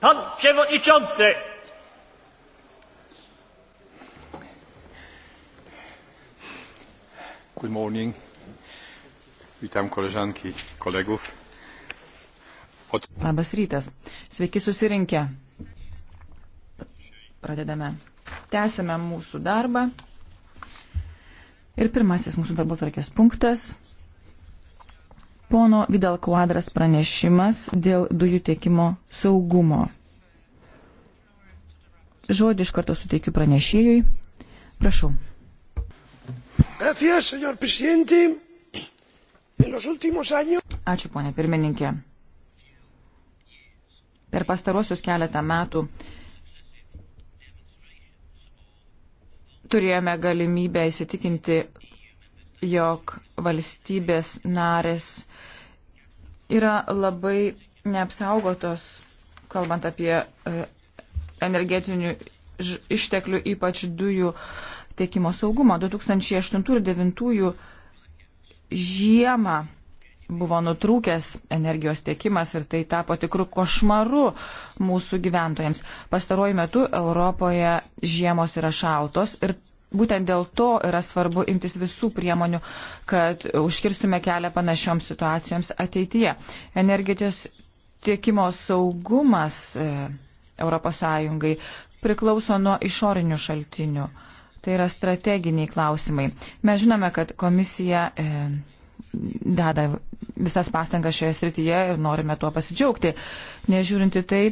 Pan przewodniczący! Good morning. Witam koleżanki, kolegów. Od... Labas rytas. Sveiki susirinkę. Pradedame. Tęsime mūsų darbą. Ir pirmasis mūsų darbo tvarkės punktas Pono Vidal Quadras pranešimas dėl dujų tiekimo saugumo. Žodį iš karto suteikiu pranešėjui. Prašau. Gracias, señor presidente. En los últimos años. Ačiū, ponė pirmininkė. Per pastarosius keletą metų turėjome galimybę įsitikinti, jog valstybės narės yra labai neapsaugotos, kalbant apie e, energetinių išteklių, ypač dujų tiekimo saugumą. 2008 ir 2009 žiemą buvo nutrūkęs energijos tiekimas ir tai tapo tikrų košmaru mūsų gyventojams. Pastaruoju metu Europoje žiemos yra šaltos ir būtent dėl to yra svarbu imtis visų priemonių, kad užkirstume kelią panašioms situacijoms ateityje. Energetijos tiekimo saugumas ES priklauso nuo išorinių šaltinių. Tai yra strateginiai klausimai. Mes žinome, kad komisija e, deda visas pastangas šioje srityje ir norime tuo pasidžiaugti. Nežiūrinti tai,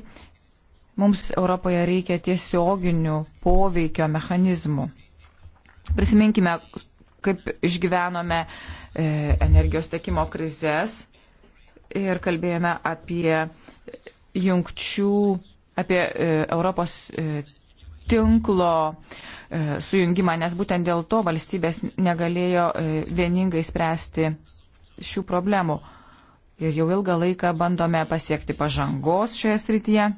mums Europoje reikia tiesioginių poveikio mechanizmų. Prisiminkime, kaip išgyvenome e, energijos tekimo krizės ir kalbėjome apie jungčių, apie e, Europos e, tinklo sujungimą, nes būtent dėl to valstybės negalėjo vieningai spręsti šių problemų. Ir jau ilgą laiką bandome pasiekti pažangos šioje srityje.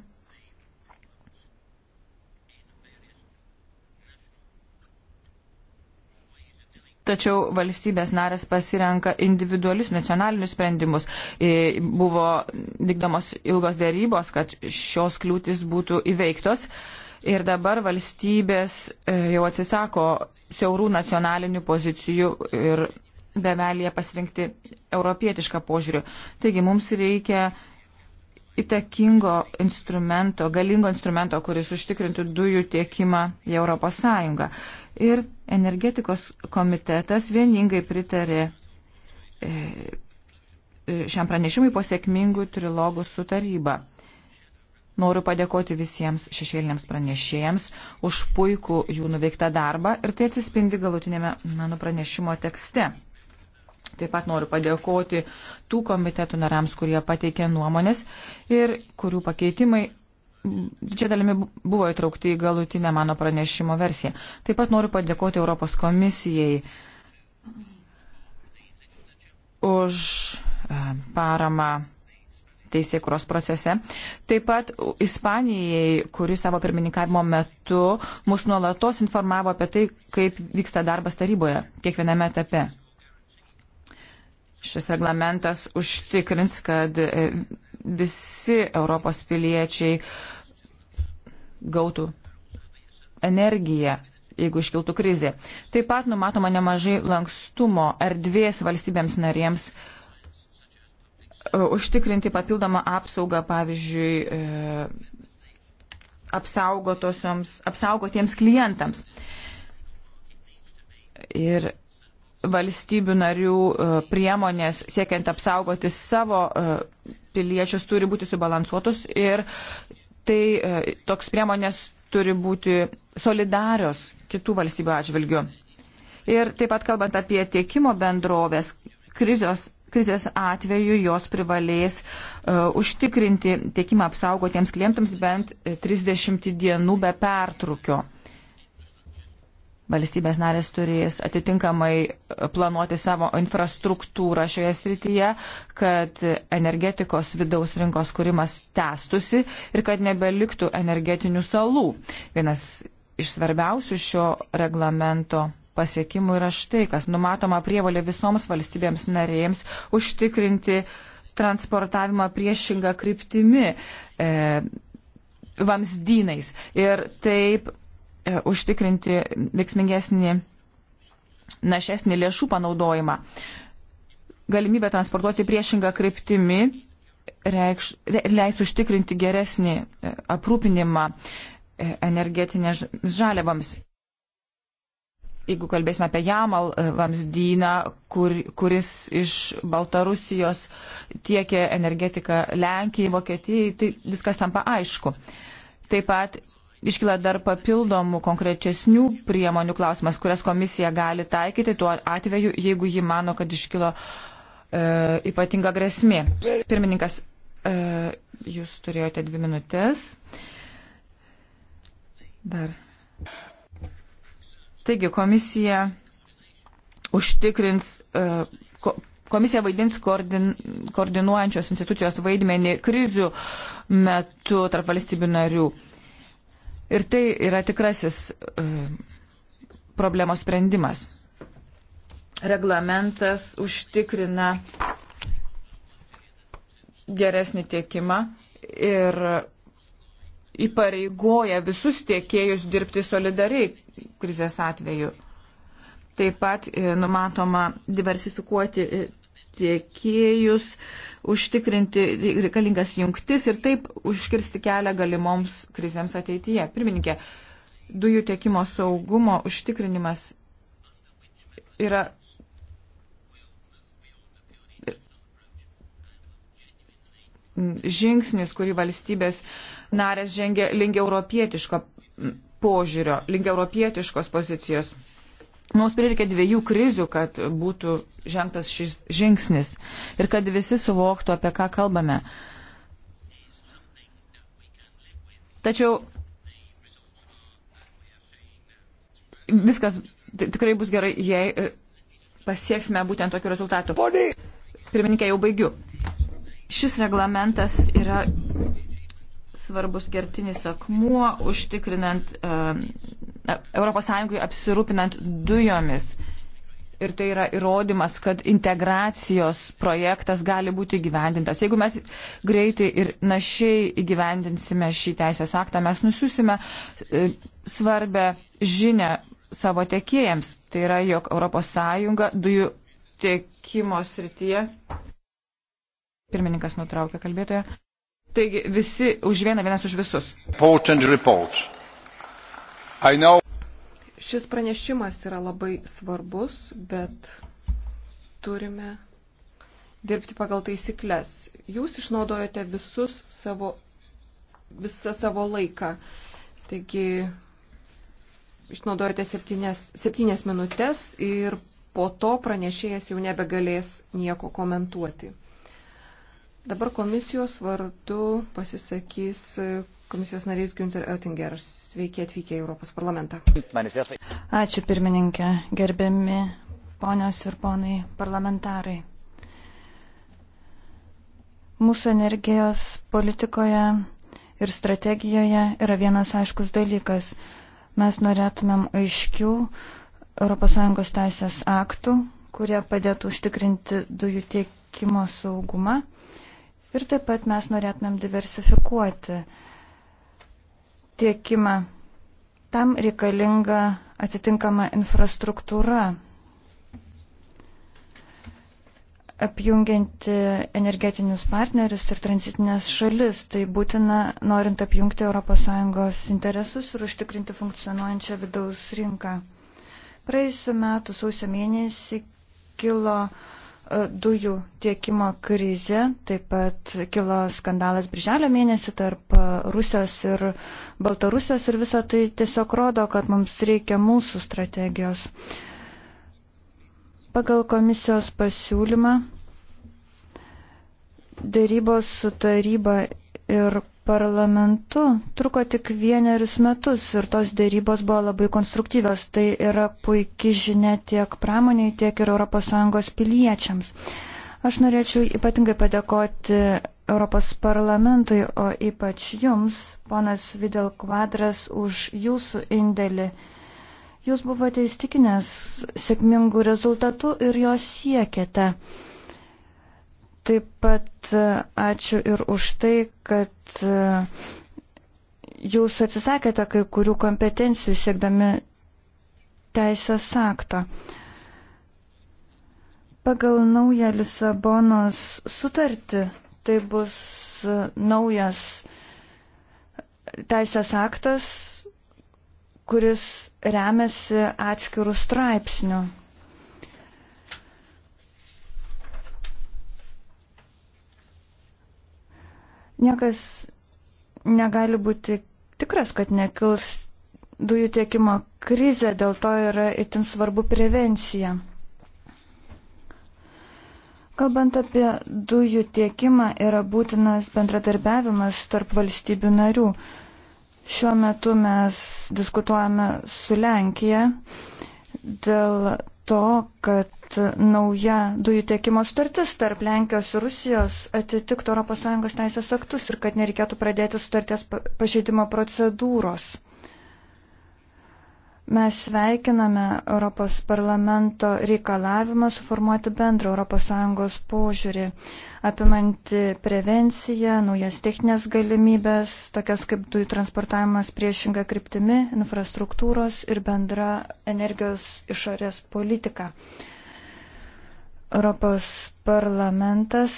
tačiau valstybės narės pasirenka individualius nacionalinius sprendimus. E, buvo vykdomos ilgos dėrybos, kad šios kliūtis būtų įveiktos. Ir dabar valstybės e, jau atsisako siaurų nacionalinių pozicijų ir bevelėje pasirinkti europietišką požiūrių. Taigi mums reikia įtakingo instrumento, galingo instrumento, kuris užtikrintų dujų tiekimą į Europos Sąjungą. Ir energetikos komitetas vieningai pritarė e, e, šiam pranešimui po sėkmingų trilogų su taryba. Noriu padėkoti visiems šešėliniams pranešėjams už puikų jų nuveiktą darbą ir tai atsispindi galutinėme mano pranešimo tekste. Taip pat noriu padėkoti tų komitetų nariams, kurie pateikė nuomonės ir kurių pakeitimai didžia dalimi buvo įtraukti į galutinę mano pranešimo versiją. Taip pat noriu padėkoti Europos komisijai už e, paramą teisėkuros procese. Taip pat Ispanijai, kuri savo pirmininkavimo metu mus nuolatos informavo apie tai, kaip vyksta darbas taryboje kiekviename etape. Šis reglamentas užtikrins, kad e, visi Europos piliečiai gautų energiją, jeigu iškiltų krizė. Taip pat numatoma nemažai lankstumo erdvės valstybėms narėms e, užtikrinti papildomą apsaugą, pavyzdžiui, e, apsaugotiems klientams. Ir valstybių narių e, priemonės siekiant apsaugoti savo e, piliečius turi būti subalansuotus ir tai e, toks priemonės turi būti solidarios kitų valstybių atžvilgių. Ir taip pat kalbant apie tiekimo bendrovės, krizios, krizės atveju jos privalės uh, užtikrinti tiekimą apsaugotiems klientams bent 30 dienų be pertrukio. Uh, valstybės narės turės atitinkamai planuoti savo infrastruktūrą šioje srityje, kad energetikos vidaus rinkos kūrimas tęstusi ir kad nebeliktų energetinių salų. Vienas iš svarbiausių šio reglamento pasiekimų yra štai, kas numatoma prievalė visoms valstybėms narėms užtikrinti transportavimą priešingą kryptimi e, vamsdynais. Ir taip E, užtikrinti veiksmingesnį, našesnį lėšų panaudojimą. Galimybė transportuoti priešingą kryptimį reikš, leis užtikrinti geresnį e, aprūpinimą e, energetinės žaliavoms. Jeigu kalbėsime apie Jamal vamzdyną, kur, kuris iš Baltarusijos tiekė energetiką Lenkijai, Vokietijai, tai viskas tampa aišku. Taip pat Iškyla dar papildomų konkrečesnių priemonių klausimas, kurias komisija gali taikyti tuo atveju, jeigu ji mano, kad iškilo e, ypatinga grėsmė. Pirmininkas, e, jūs turėjote dvi minutės. Dar. Taigi, komisija užtikrins. E, ko, Komisija vaidins koordin, koordinuojančios institucijos vaidmenį krizių metu tarp valstybių narių. E, Ir tai yra tikrasis e, problemos sprendimas. Reglamentas užtikrina geresnį tiekimą ir įpareigoja visus tiekėjus dirbti solidariai krizės atveju. Taip pat e, numatoma diversifikuoti e, tiekėjus, užtikrinti reikalingas jungtis ir taip užkirsti kelią galimoms krizėms ateityje. Pirmininkė, dujų tiekimo saugumo užtikrinimas yra. žingsnis, kurį valstybės narės žengia link europietiško požiūrio, link europietiškos pozicijos. Mums prireikė dviejų krizių, kad būtų žengtas šis žingsnis ir kad visi suvoktų, apie ką kalbame. Tačiau viskas tikrai bus gerai, jei e, pasieksime būtent tokių rezultatų. Pirmininkė, jau baigiu. Šis reglamentas yra svarbus gertinis akmuo, užtikrinant uh, ES apsirūpinant dujomis. Ir tai yra įrodymas, kad integracijos projektas gali būti įgyvendintas. Jeigu mes greitai ir našiai įgyvendinsime šį teisės aktą, mes nusiusime e, svarbę žinę savo tiekėjams. Tai yra, jog ES dujų tiekimo srityje. Pirmininkas nutraukė kalbėtoje. Taigi visi už vieną, vienas už visus. Important report. Know... Šis pranešimas yra labai svarbus, bet turime dirbti pagal taisyklės. Jūs išnaudojate visus savo, visą savo laiką. Taigi išnaudojate septynes, septynes minutės ir po to pranešėjas jau nebegalės nieko komentuoti. Dabar komisijos vardu pasisakys komisijos narys Günter Oettinger. Sveiki atvykę į Europos parlamentą. Ačiū pirmininkė, gerbiami ponios ir ponai parlamentarai. Mūsų energijos politikoje ir strategijoje yra vienas aiškus dalykas. Mes norėtumėm aiškių ES teisės aktų, kurie padėtų užtikrinti dujų tiekimo saugumą Ir taip pat mes norėtumėm diversifikuoti tiekimą. Tam reikalinga atitinkama infrastruktūra, apjungianti energetinius partnerius ir tranzitinės šalis. Tai būtina, norint apjungti ES interesus ir užtikrinti funkcionuojančią vidaus rinką. Praėjusiu metu sausio mėnesį kilo uh, E, dujų tiekimo krizė, taip pat kilo skandalas birželio mėnesį tarp e, Rusijos ir Baltarusijos ir visą tai tiesiog rodo, kad mums reikia mūsų strategijos. Pagal komisijos pasiūlymą dėrybos su taryba ir parlamentu truko tik vienerius metus ir tos dėrybos buvo labai konstruktyvios. Tai yra puikia žinia tiek pramoniai, tiek ir ES piliečiams. Aš norėčiau ypatingai padėkoti Europos parlamentui, o ypač jums, ponas Videl Kvadras, už jūsų indėlį. Jūs buvote įstikinęs sėkmingų rezultatų ir jos siekėte. Taip pat e, ačiū ir už tai, kad e, jūs atsisakėte kai kurių kompetencijų siekdami teisės aktą. Pagal naują Lisabonos sutartį tai bus e, naujas teisės aktas, kuris remiasi atskirų straipsnių Niekas negali būti tikras, kad nekils dujų tiekimo krizė, dėl to yra itin svarbu prevencija. Kalbant apie dujų tiekimą, yra būtinas bendradarbiavimas tarp valstybių narių. Šiuo metu mes diskutuojame su Lenkija dėl to, kad nauja dujų tiekimo sutartis tarp Lenkijos ir Rusijos atitiktų ES teisės aktus ir kad nereikėtų pradėti sutarties pažeidimo procedūros. Mes sveikiname Europos parlamento reikalavimą suformuoti bendrą ES požiūrį, apimanti prevenciją, naujas techninės galimybės, tokias kaip dujų transportavimas priešinga kryptimi, infrastruktūros ir bendra energijos išorės politika. Europos parlamentas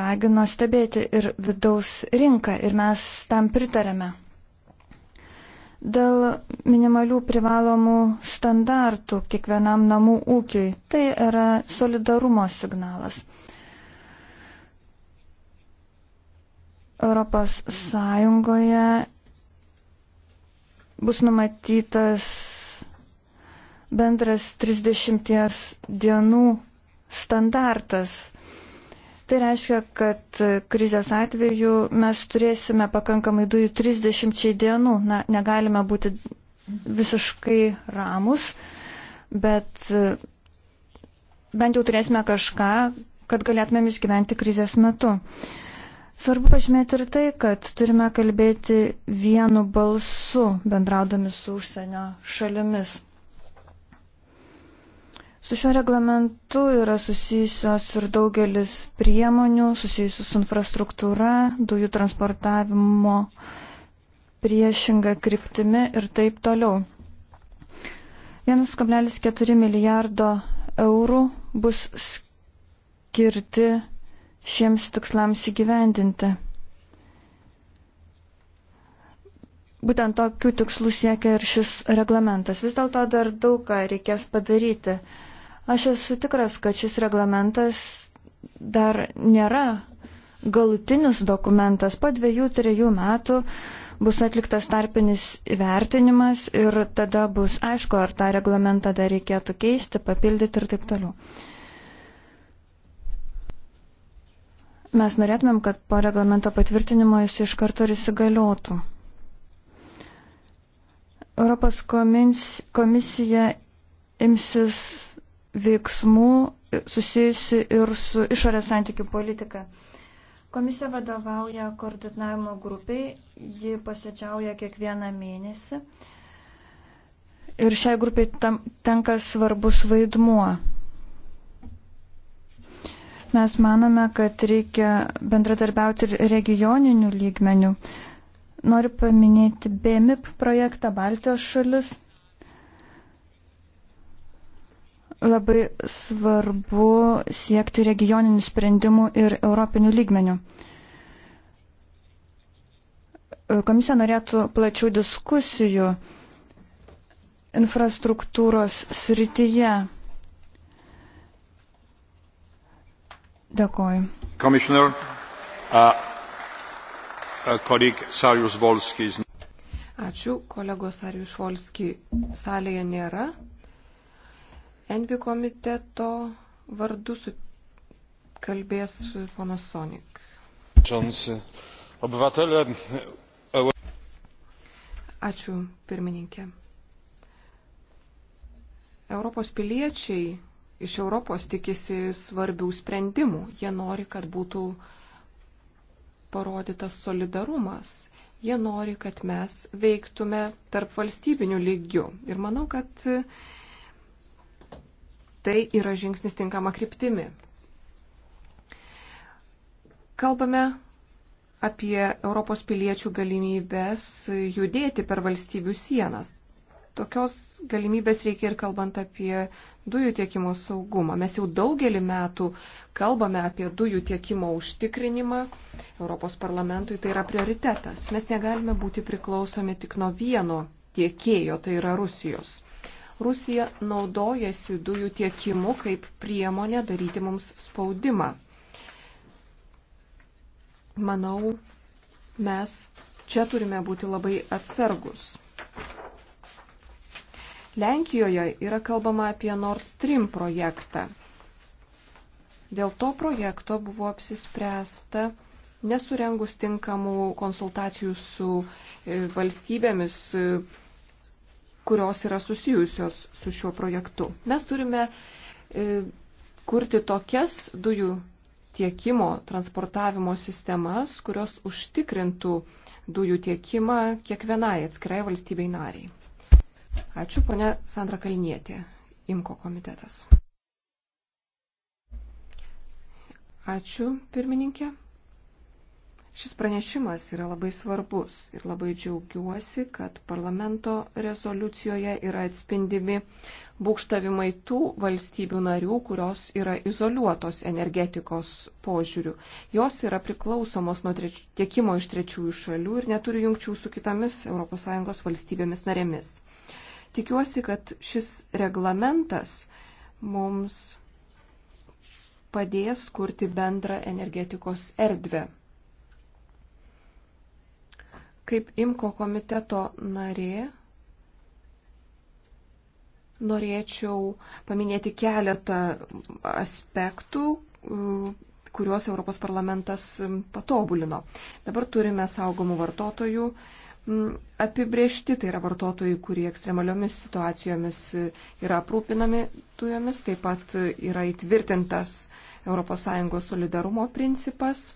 ragino stebėti ir vidaus rinką ir mes tam pritarėme dėl minimalių privalomų standartų kiekvienam namų ūkiui. Tai yra solidarumo signalas. Europos Sąjungoje bus numatytas bendras 30 dienų standartas Tai reiškia, kad krizės atveju mes turėsime pakankamai dujų 30 dienų. Na, negalime būti visiškai ramus, bet e, bent jau turėsime kažką, kad galėtumėm išgyventi krizės metu. Svarbu pažymėti ir tai, kad turime kalbėti vienu balsu bendraudami su užsienio šalimis. Su šiuo reglamentu yra susijusios ir daugelis priemonių susijusių su infrastruktūra, dujų transportavimo priešinga kryptimi ir taip toliau. 1,4 milijardo eurų bus skirti šiems tikslams įgyvendinti. Būtent tokių tikslų siekia ir šis reglamentas. Vis dėlto dar daug ką reikės padaryti. Aš esu tikras, kad šis reglamentas dar nėra galutinis dokumentas. Po dviejų, trijų metų bus atliktas tarpinis įvertinimas ir tada bus aišku, ar tą reglamentą dar reikėtų keisti, papildyti ir taip toliau. Mes norėtumėm, kad po reglamento patvirtinimo jis iš karto ir įsigaliotų. Europos komisija imsis veiksmų susijusi ir su išorės santykių politika. Komisija vadovauja koordinavimo grupiai, ji posėdžiauja kiekvieną mėnesį ir šiai grupiai tam, tenka svarbus vaidmuo. Mes manome, kad reikia bendradarbiauti ir regioninių lygmenių. Noriu paminėti BMIP projektą Baltijos šalis. Labai svarbu siekti regioninių sprendimų ir europinių lygmenių. Komisija norėtų plačių diskusijų infrastruktūros srityje. Dėkoju. Commissioner, uh, uh colleague Sarius Volskis. Ačiū, kolegos Sarius Volski salėje nėra. Envi komiteto vardu su... kalbės ponas Sonik. E, e, Ačiū, pirmininkė. Europos piliečiai iš Europos tikisi svarbių sprendimų. Jie nori, kad būtų parodytas solidarumas. Jie nori, kad mes veiktume tarp valstybinių lygių. Ir manau, kad tai yra žingsnis tinkama kryptimi. Kalbame apie Europos piliečių galimybės judėti per valstybių sienas. Tokios galimybės reikia ir kalbant apie dujų tiekimo saugumą. Mes jau daugelį metų kalbame apie dujų tiekimo užtikrinimą. Europos parlamentui tai yra prioritetas. Mes negalime būti priklausomi tik nuo vieno tiekėjo, tai yra Rusijos. Rusija naudojasi dujų tiekimu kaip priemonė daryti mums spaudimą. Manau, mes čia turime būti labai atsargus. Lenkijoje yra kalbama apie Nord Stream projektą. Dėl to projekto buvo apsispręsta nesurengus tinkamų konsultacijų su e, valstybėmis, kurios yra susijusios su šiuo projektu. Mes turime e, kurti tokias dujų tiekimo transportavimo sistemas, kurios užtikrintų dujų tiekimą kiekvienai atskirai valstybei nariai. Ačiū, ponė Sandra Kalnietė, IMKO komitetas. Ačiū, pirmininkė. Šis pranešimas yra labai svarbus ir labai džiaugiuosi, kad parlamento rezoliucijoje yra atspindimi būkštavimai tų valstybių narių, kurios yra izoliuotos energetikos požiūrių. Jos yra priklausomos nuo treč... tiekimo iš trečiųjų šalių ir neturi jungčių su kitomis ES valstybėmis narėmis. Tikiuosi, kad šis reglamentas mums padės kurti bendrą energetikos erdvę Kaip imko komiteto narė, norėčiau paminėti keletą aspektų, kuriuos Europos parlamentas patobulino. Dabar turime saugomų vartotojų apibriešti, tai yra vartotojai, kurie ekstremaliomis situacijomis yra aprūpinami dujomis, taip pat yra įtvirtintas ES solidarumo principas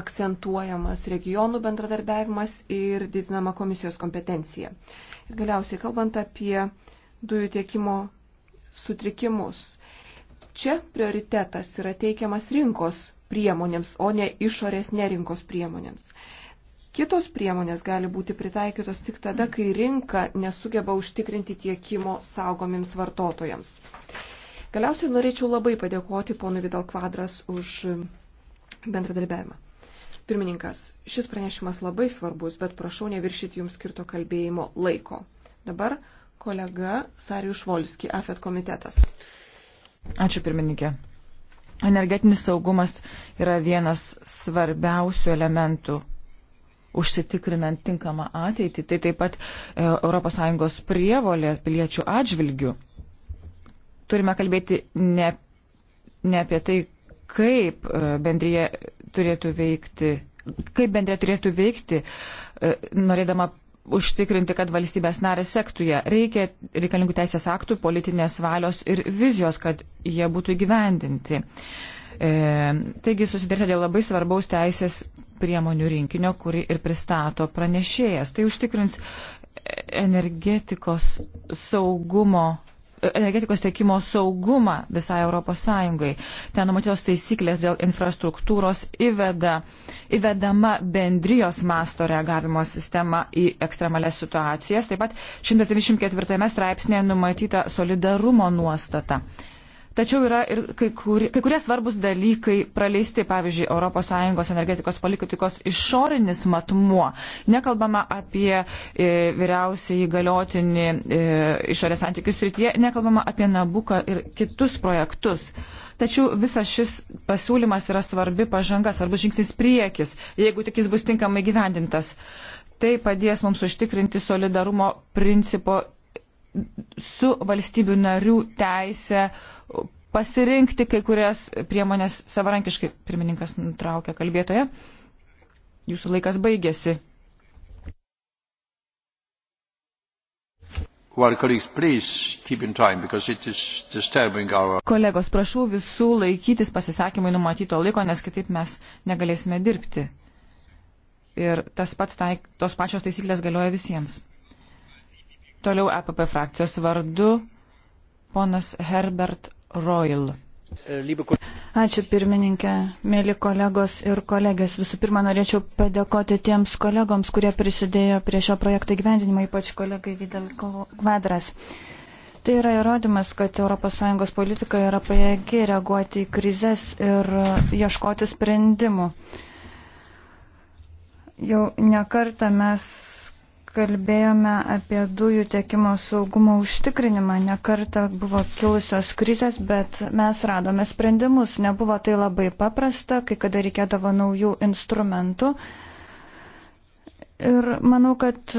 akcentuojamas regionų bendradarbiavimas ir didinama komisijos kompetencija. Ir galiausiai kalbant apie dujų tiekimo sutrikimus. Čia prioritetas yra teikiamas rinkos priemonėms, o ne išorės nerinkos priemonėms. Kitos priemonės gali būti pritaikytos tik tada, kai rinka nesugeba užtikrinti tiekimo saugomiems vartotojams. Galiausiai norėčiau labai padėkoti ponui Vidal Kvadras už bendradarbiavimą. Pirmininkas, šis pranešimas labai svarbus, bet prašau neviršyti jums skirto kalbėjimo laiko. Dabar kolega Sarijus Volski, AFET komitetas. Ačiū pirmininkė. Energetinis saugumas yra vienas svarbiausių elementų užsitikrinant tinkamą ateitį. Tai taip pat ES prievolė piliečių atžvilgių. Turime kalbėti ne, ne apie tai, kaip e, bendrija turėtų veikti, kaip bendrija turėtų veikti, e, norėdama užtikrinti, kad valstybės narės sektų ją. Reikia reikalingų teisės aktų, politinės valios ir vizijos, kad jie būtų įgyvendinti. E, taigi susidarė dėl labai svarbaus teisės priemonių rinkinio, kurį ir pristato pranešėjas. Tai užtikrins energetikos saugumo energetikos tiekimo saugumą visai Europos Sąjungai. Ten numatytos taisyklės dėl infrastruktūros įveda, įvedama bendrijos masto reagavimo sistema į ekstremales situacijas. Taip pat 124 straipsnėje numatyta solidarumo nuostata. Tačiau yra ir kai, kur, kai kurie svarbus dalykai praleisti, pavyzdžiui, ES energetikos politikos išorinis matmuo. Nekalbama apie e, vyriausiai galiotinį e, išorės santykius rytyje, nekalbama apie Nabuką ir kitus projektus. Tačiau visas šis pasiūlymas yra svarbi pažanga, svarbus žingsnis priekis, jeigu tik jis bus tinkamai gyvendintas. Tai padės mums užtikrinti solidarumo principo su valstybių narių teisė pasirinkti kai kurias priemonės savarankiškai. Pirmininkas nutraukė kalbėtoje. Jūsų laikas baigėsi. Kolegos, prašau visų laikytis pasisakymai numatyto laiko, nes kitaip mes negalėsime dirbti. Ir tas pats taik, tos pačios taisyklės galioja visiems. Toliau EPP frakcijos vardu ponas Herbert Royal. Ačiū pirmininkė, mėly kolegos ir kolegės. Visų pirma, norėčiau padėkoti tiems kolegoms, kurie prisidėjo prie šio projekto gyvendinimo, ypač kolegai Vidal Kvadras. Tai yra įrodymas, kad ES politika yra pajėgi reaguoti į krizės ir ieškoti sprendimų. Jau nekartą mes kalbėjome apie dujų tiekimo saugumo užtikrinimą. Nekarta buvo kilusios krizės, bet mes radome sprendimus. Nebuvo tai labai paprasta, kai kada reikėdavo naujų instrumentų. Ir manau, kad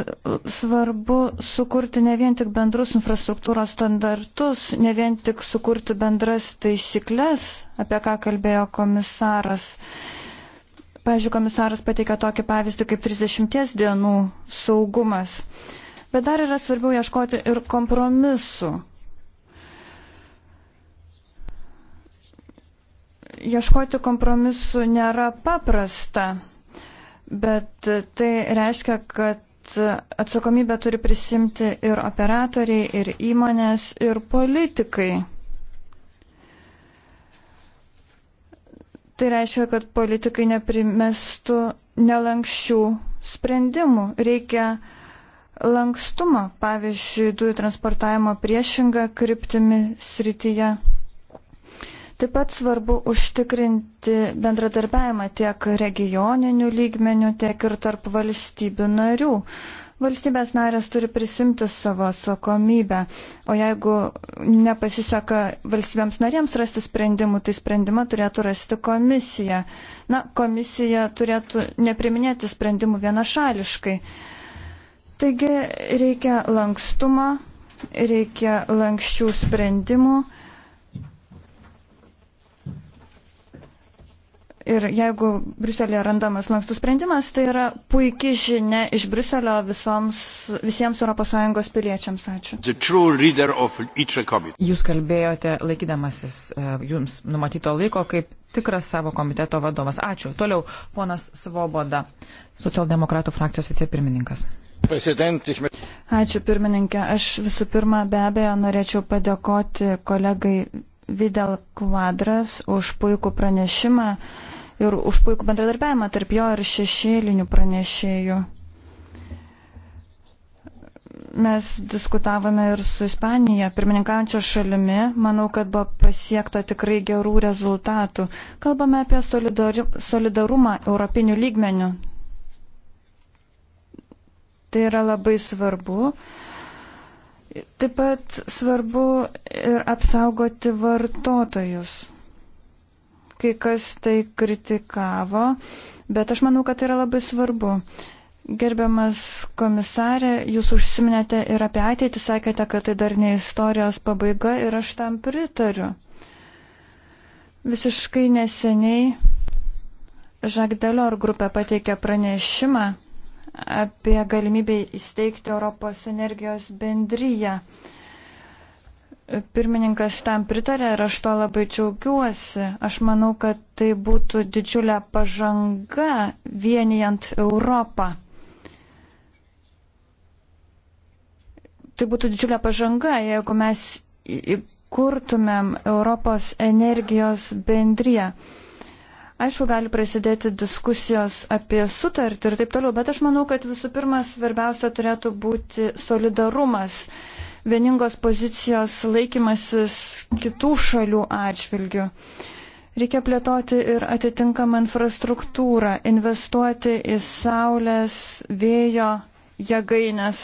svarbu sukurti ne vien tik bendrus infrastruktūros standartus, ne vien tik sukurti bendras taisyklės, apie ką kalbėjo komisaras. Uh, Pavyzdžiui, komisaras pateikė tokį pavyzdį kaip 30 dienų saugumas. Bet dar yra svarbiau ieškoti ir kompromisų. Ieškoti kompromisų nėra paprasta, bet tai reiškia, kad atsakomybę turi prisimti ir operatoriai, ir įmonės, ir politikai. Tai reiškia, kad politikai neprimestų nelankščių sprendimų. Reikia lankstumą, pavyzdžiui, dujų transportavimo priešingą kryptimi srityje. Taip pat svarbu užtikrinti bendradarbiavimą tiek regioninių lygmenių, tiek ir tarp valstybių narių. Valstybės narės turi prisimti savo atsakomybę, o jeigu nepasiseka valstybėms narėms rasti sprendimų, tai sprendimą turėtų rasti komisija. Na, komisija turėtų nepriminėti sprendimų vienašališkai. Taigi reikia lankstumo, reikia lankščių sprendimų Ir jeigu Bruselėje randamas lankstus sprendimas, tai yra puikia žinia iš Bruselio visoms, visiems ES piliečiams. Ačiū. Jūs kalbėjote laikydamasis e, jums numatyto laiko kaip tikras savo komiteto vadovas. Ačiū. Toliau ponas Svoboda, socialdemokratų frakcijos vicepirmininkas. Ačiū pirmininkė. Aš visų pirma be abejo norėčiau padėkoti kolegai Vidal Kvadras už puikų pranešimą ir už puikų bendradarbiavimą tarp jo ir šešėlinių pranešėjų. Mes diskutavome ir su Ispanija, pirmininkaujančio šalimi. Manau, kad buvo pasiekta tikrai gerų rezultatų. Kalbame apie solidarumą europinių lygmenių. Tai yra labai svarbu. Taip pat svarbu ir apsaugoti vartotojus kai kas tai kritikavo, bet aš manau, kad tai yra labai svarbu. Gerbiamas komisarė, jūs užsiminėte ir apie ateitį, sakėte, kad tai dar ne istorijos pabaiga ir aš tam pritariu. Visiškai neseniai Žagdelio ar grupė pateikė pranešimą apie galimybę įsteigti Europos energijos bendryją. Pirmininkas tam pritarė ir aš to labai džiaugiuosi. Aš manau, kad tai būtų didžiulė pažanga vienijant Europą. Tai būtų didžiulė pažanga, jeigu mes įkurtumėm Europos energijos bendriją. Aišku, gali prasidėti diskusijos apie sutartį ir taip toliau, bet aš manau, kad visų pirma svarbiausia turėtų būti solidarumas. Uh, vieningos pozicijos laikymasis kitų šalių atžvilgių. Reikia plėtoti ir atitinkamą infrastruktūrą, investuoti į saulės, vėjo jėgainės.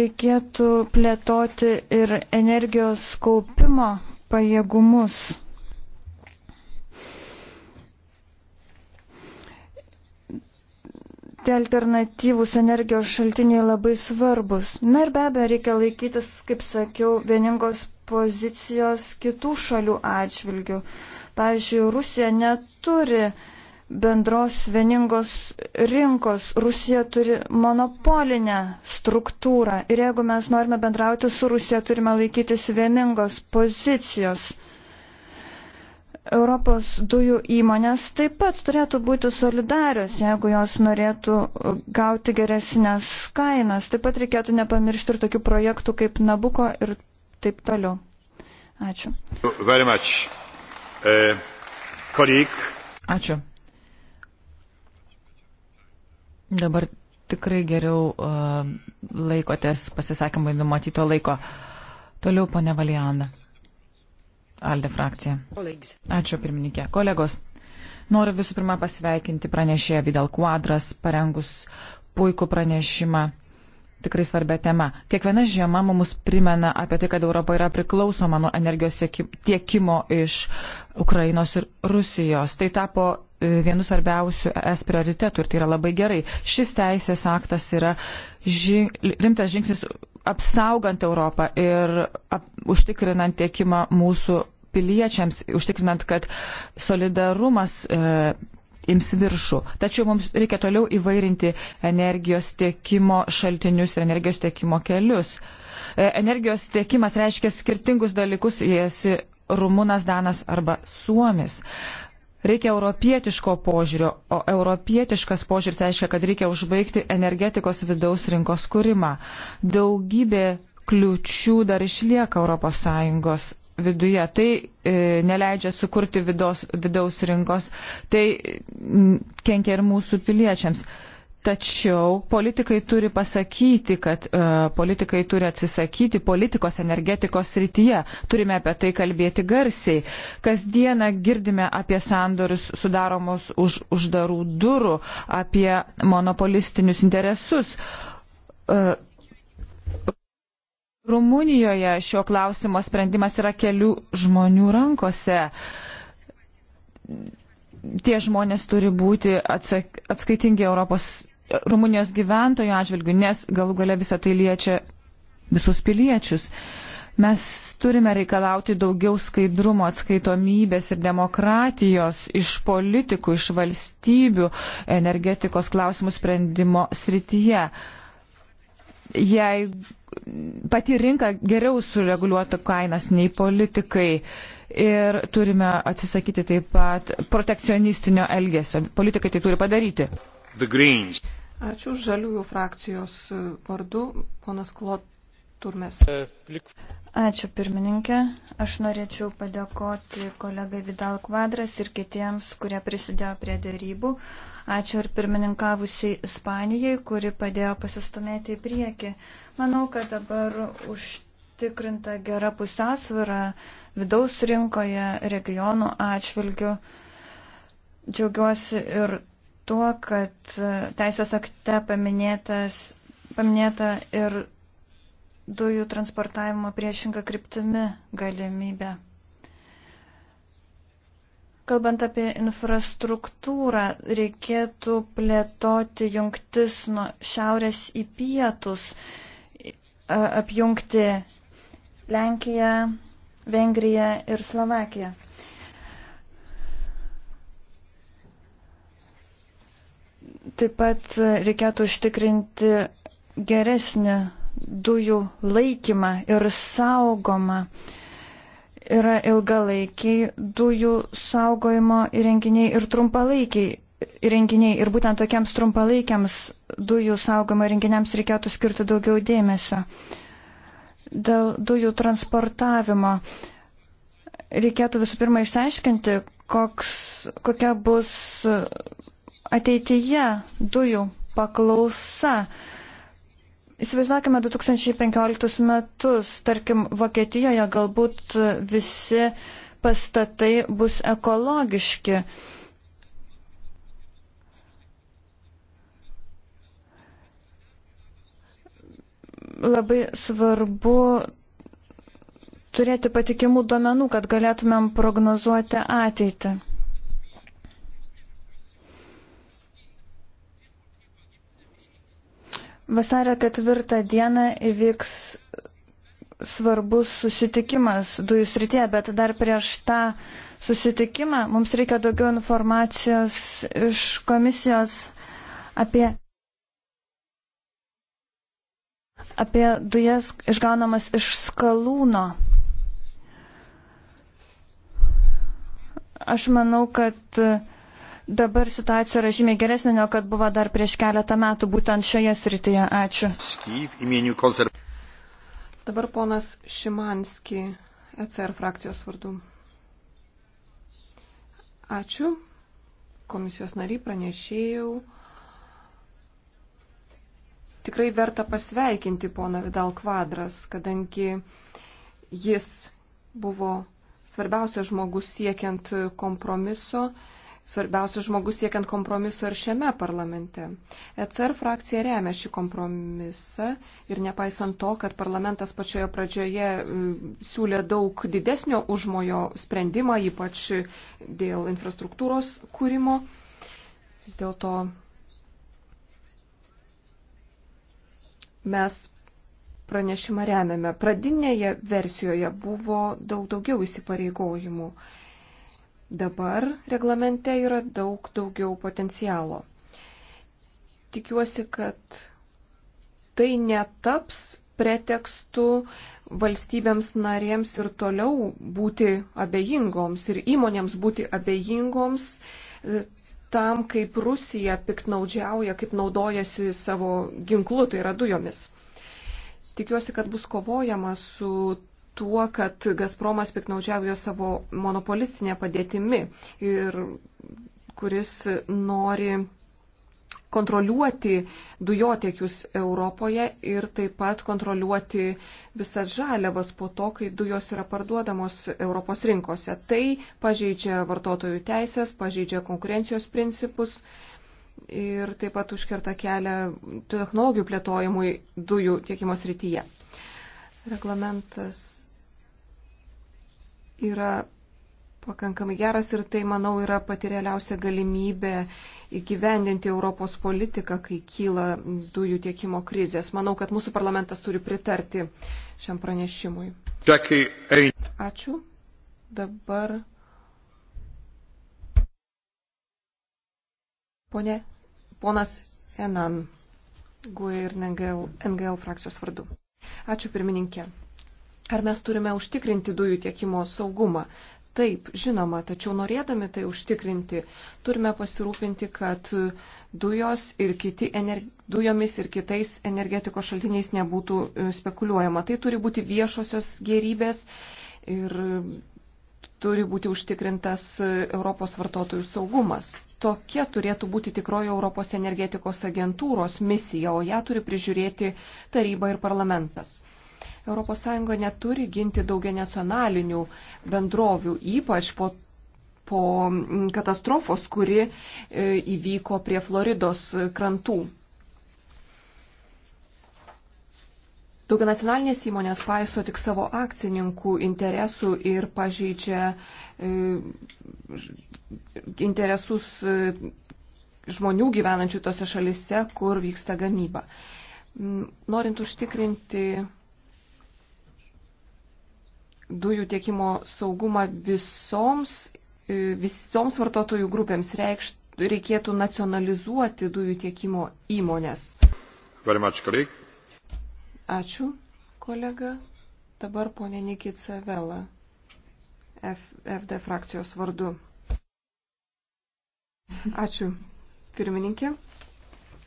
Reikėtų plėtoti ir energijos kaupimo pajėgumus. tie alternatyvūs energijos šaltiniai labai svarbus. Na ir be abejo reikia laikytis, kaip sakiau, vieningos pozicijos kitų šalių atžvilgių. Pavyzdžiui, Rusija neturi bendros vieningos rinkos, Rusija turi monopolinę struktūrą ir jeigu mes norime bendrauti su Rusija, turime laikytis vieningos pozicijos. Europos dujų įmonės taip pat turėtų būti solidarios, jeigu jos norėtų gauti geresnės kainas. Taip pat reikėtų nepamiršti ir tokių projektų kaip Nabuko ir taip toliau. Ačiū. Eh, Ačiū. Dabar tikrai geriau uh, laikotės pasisakymai numatyto laiko. Toliau, ponia Valijana. Alde frakcija. Ačiū pirmininkė. Kolegos, noriu visų pirma pasveikinti pranešėją Vidal Quadras, parengus puikų pranešimą. Tikrai svarbia tema. Kiekviena žiema mums primena apie tai, kad Europa yra priklausoma nuo energijos tiekimo iš Ukrainos ir Rusijos. Tai tapo e, vienu svarbiausių es prioritetų ir tai yra labai gerai. Šis teisės aktas yra žin, rimtas žingsnis apsaugant Europą ir ap, užtikrinant tiekimą mūsų piliečiams, užtikrinant, kad solidarumas e, ims viršų. Tačiau mums reikia toliau įvairinti energijos tiekimo šaltinius ir energijos tiekimo kelius. E, energijos tiekimas reiškia skirtingus dalykus, jei esi rumunas, danas arba suomis. E, Reikia europietiško požiūrio, o europietiškas požiūris reiškia, kad reikia užbaigti energetikos vidaus rinkos kūrimą. Daugybė kliučių dar išlieka ES viduje. Tai e, neleidžia sukurti vidos, vidaus rinkos, tai m, kenkia ir mūsų piliečiams. E, Tačiau politikai turi pasakyti, kad e, politikai turi atsisakyti politikos energetikos srityje. Turime apie tai kalbėti garsiai. Kasdieną girdime apie sandorius sudaromus už uždarų durų, apie monopolistinius interesus. E, Rumunijoje šio klausimo sprendimas yra kelių žmonių rankose tie žmonės turi būti atsak, atskaitingi Europos Rumunijos gyventojų atžvilgių, nes galų gale visą tai liečia visus piliečius. Mes turime reikalauti daugiau skaidrumo, atskaitomybės ir demokratijos iš politikų, iš valstybių energetikos klausimų sprendimo srityje. Jei pati rinka geriau sureguliuotų kainas nei politikai, ir turime atsisakyti taip pat protekcionistinio elgesio. Politikai tai turi padaryti. Ačiū žaliųjų frakcijos vardu, ponas Klot Turmes. E, Ačiū pirmininkė. Aš norėčiau padėkoti kolegai Vidal Kvadras ir kitiems, kurie prisidėjo prie dėrybų. Ačiū ir pirmininkavusiai Ispanijai, kuri padėjo pasistumėti į priekį. Manau, kad dabar už užtikrinta gera pusiausvara vidaus rinkoje, regionų atšvilgių. Džiaugiuosi ir tuo, kad e, teisės akte paminėtas, paminėta ir dujų transportavimo priešinga kryptimi galimybė. Kalbant apie infrastruktūrą, reikėtų plėtoti jungtis nuo šiaurės į pietus, apjungti Lenkija, Vengrija ir Slovakija. Taip pat reikėtų užtikrinti geresnį dujų laikymą ir saugomą. Yra ilgalaikiai dujų saugojimo įrenginiai ir trumpalaikiai įrenginiai. Ir būtent tokiems trumpalaikiams dujų saugojimo įrenginiams reikėtų skirti daugiau dėmesio. Uh, dėl dujų transportavimo. Reikėtų visų pirma išsiaiškinti, koks, kokia bus ateityje dujų paklausa. Įsivaizduokime 2015 metus, tarkim, Vokietijoje galbūt visi pastatai bus ekologiški. Uh, labai svarbu turėti patikimų duomenų, kad galėtumėm prognozuoti ateitį. Vasario ketvirtą dieną įvyks svarbus susitikimas dujų srityje, bet dar prieš tą susitikimą mums reikia daugiau informacijos iš komisijos apie apie dujas išgaunamas iš skalūno. Aš manau, kad e, dabar situacija yra žymiai geresnė, negu kad buvo dar prieš keletą metų būtent šioje srityje. Ačiū. Dabar ponas Šimanski, ECR frakcijos vardu. Ačiū. Komisijos nariai pranešėjau tikrai verta pasveikinti poną Vidal Kvadras, kadangi jis buvo svarbiausias žmogus siekiant kompromiso, svarbiausias žmogus siekiant kompromiso ir šiame parlamente. ECR frakcija remia šį kompromisą ir nepaisant to, kad parlamentas pačioje pradžioje siūlė daug didesnio užmojo sprendimą, ypač dėl infrastruktūros kūrimo, vis dėlto mes pranešimą remiame. Pradinėje versijoje buvo daug daugiau įsipareigojimų. Dabar reglamente yra daug daugiau potencialo. Tikiuosi, kad tai netaps pretekstu valstybėms narėms ir toliau būti abejingoms ir įmonėms būti abejingoms tam, kaip Rusija piknaudžiauja, kaip naudojasi savo ginklu, tai yra dujomis. Tikiuosi, kad bus kovojama su tuo, kad Gazpromas piknaudžiavo savo monopolistinę padėtimi ir kuris nori kontroliuoti dujotiekius Europoje ir taip pat kontroliuoti visas žaliavas po to, kai dujos yra parduodamos Europos rinkose. Tai pažeidžia vartotojų teisės, pažeidžia konkurencijos principus ir taip pat užkerta kelią technologijų plėtojimui dujų tiekimo srityje. Reglamentas yra pakankamai geras ir tai, manau, yra pati realiausia galimybė įgyvendinti Europos politiką, kai kyla dujų tiekimo krizės. Manau, kad mūsų parlamentas turi pritarti šiam pranešimui. Jackie, Ačiū. Dabar. Pone, ponas Enan, GUE ir NGL, NGL frakcijos vardu. Ačiū pirmininkė. Ar mes turime užtikrinti dujų tiekimo saugumą? Taip, žinoma, tačiau norėdami tai užtikrinti, turime pasirūpinti, kad dujos ir kiti energi... dujomis ir kitais energetikos šaltiniais nebūtų e, spekuliuojama. Tai turi būti viešosios gerybės ir turi būti užtikrintas e, Europos vartotojų saugumas. Tokia turėtų būti tikroji Europos energetikos agentūros misija, o ją turi prižiūrėti taryba ir parlamentas. ES neturi ginti daugia nacionalinių bendrovių, ypač po, po katastrofos, kuri e, įvyko prie Floridos krantų. Daugianacionalinės įmonės paiso tik savo akcininkų interesų ir pažeidžia e, interesus e, žmonių gyvenančių tose šalise, kur vyksta gamyba. Mm, norint užtikrinti dujų tiekimo saugumą visoms, e, visoms vartotojų grupėms reikš, reikėtų nacionalizuoti dujų tiekimo įmonės. Much, Ačiū, kolega. Dabar ponė Nikica Vela, F, FD frakcijos vardu. Ačiū, pirmininkė.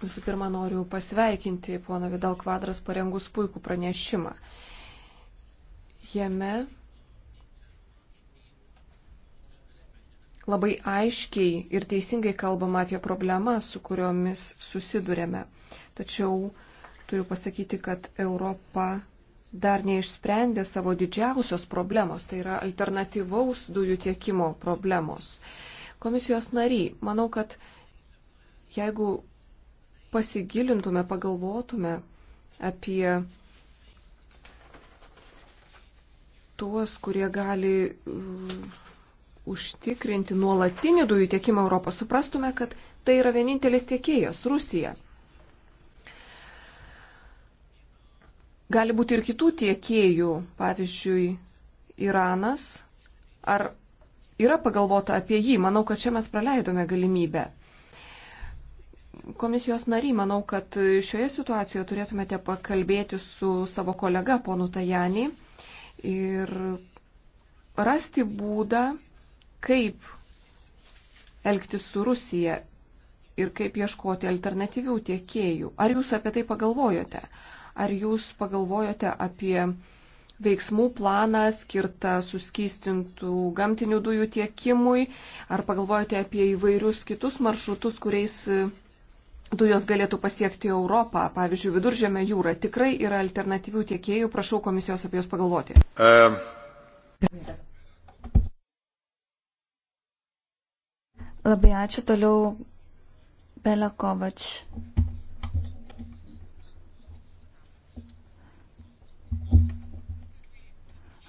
Visų pirma, noriu pasveikinti poną Vidal Kvadras parengus puikų pranešimą. Jame labai aiškiai ir teisingai kalbama apie problemas, su kuriomis susidurėme. Tačiau turiu pasakyti, kad Europa dar neišsprendė savo didžiausios problemos, tai yra alternatyvaus dujų tiekimo problemos. Komisijos nariai, manau, kad jeigu pasigilintume, pagalvotume apie tuos, kurie gali uh, užtikrinti nuolatinį dujų tiekimą Europą, suprastume, kad tai yra vienintelis tiekėjas - Rusija. Gali būti ir kitų tiekėjų, pavyzdžiui, Iranas. Ar yra pagalvota apie jį? Manau, kad čia mes praleidome galimybę. Komisijos nariai, manau, kad šioje situacijoje turėtumėte pakalbėti su savo kolega ponu Tajani ir rasti būdą, kaip elgtis su Rusija ir kaip ieškoti alternatyvių tiekėjų. Ar jūs apie tai pagalvojote? Ar jūs pagalvojote apie veiksmų planą skirtą suskystintų gamtinių dujų tiekimui? Ar pagalvojote apie įvairius kitus maršrutus, kuriais dujos galėtų pasiekti Europą, pavyzdžiui, viduržėme jūrą. Tikrai yra alternatyvių tiekėjų, prašau komisijos apie juos pagalvoti. Um. Labai ačiū, toliau Belekovač.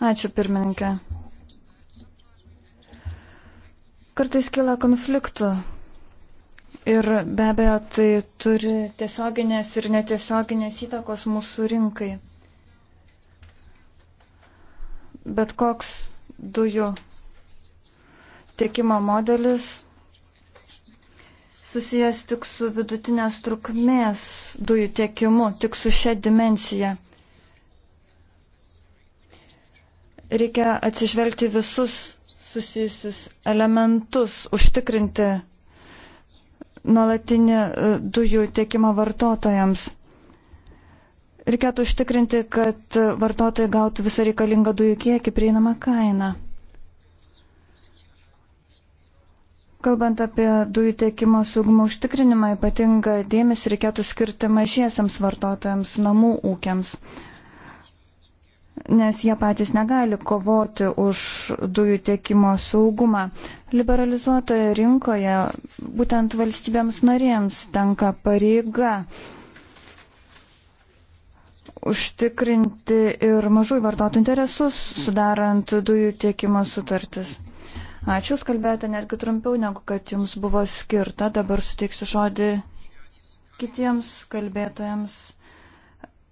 Ačiū pirmininkė. Kartais kyla konfliktų Ir be abejo, tai turi tiesioginės ir netiesioginės įtakos mūsų rinkai. Bet koks dujų tiekimo modelis susijęs tik su vidutinės trukmės dujų tiekimu, tik su šia dimensija. Reikia atsižvelgti visus susijusius elementus, užtikrinti nuolatinį e, dujų tiekimą vartotojams. Reikėtų užtikrinti, kad vartotojai gautų visą reikalingą dujų kiekį prieinamą kainą. Kalbant apie dujų tiekimo saugumo užtikrinimą, ypatingą dėmesį reikėtų skirti mažiesiams vartotojams, namų ūkiams nes jie patys negali kovoti už dujų tiekimo saugumą. Liberalizuotoje rinkoje būtent valstybėms narėms tenka pareiga užtikrinti ir mažųjų vartotojų interesus, sudarant dujų tiekimo sutartis. Ačiū, jūs kalbėjote netgi trumpiau, negu kad jums buvo skirta. Dabar suteiksiu žodį kitiems kalbėtojams.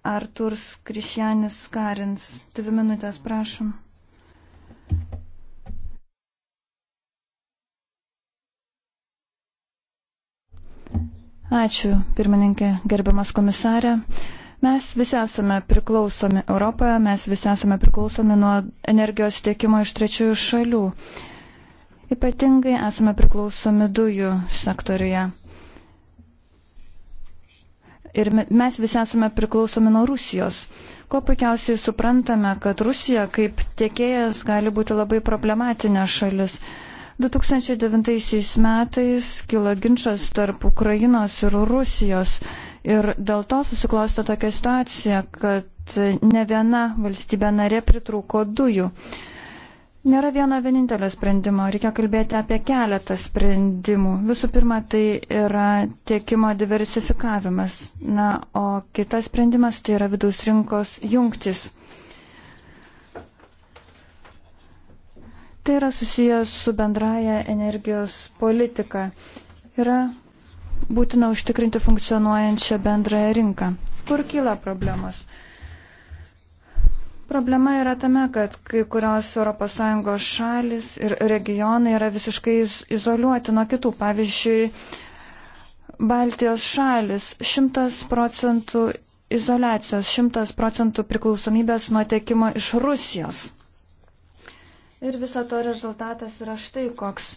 Arturs Krišjanis Karins. Dvi minutės, prašom. Ačiū, pirmininkė, gerbiamas komisarė. Mes visi esame priklausomi Europoje, mes visi esame priklausomi nuo energijos tiekimo iš trečiųjų šalių. Ypatingai esame priklausomi dujų sektoriuje. Ir mes visi esame priklausomi nuo Rusijos. Ko puikiausiai suprantame, kad Rusija kaip tiekėjas gali būti labai problematinė šalis. 2009 metais kilo ginčas tarp Ukrainos ir Rusijos ir dėl to susiklosto tokia situacija, kad ne viena valstybė narė pritruko dujų. Nėra vieno vienintelio sprendimo, reikia kalbėti apie keletą sprendimų. Visų pirma, tai yra tiekimo diversifikavimas, na, o kitas sprendimas tai yra vidaus rinkos jungtis. Tai yra susijęs su bendraja energijos politika. Yra būtina užtikrinti funkcionuojančią bendrąją rinką. Kur kyla problemas? Problema yra tame, kad kai kurios ES šalis ir regionai yra visiškai izoliuoti nuo kitų. Pavyzdžiui, Baltijos šalis 100 procentų izolacijos, 100 procentų priklausomybės nuo tiekimo iš Rusijos. Ir viso to rezultatas yra štai koks.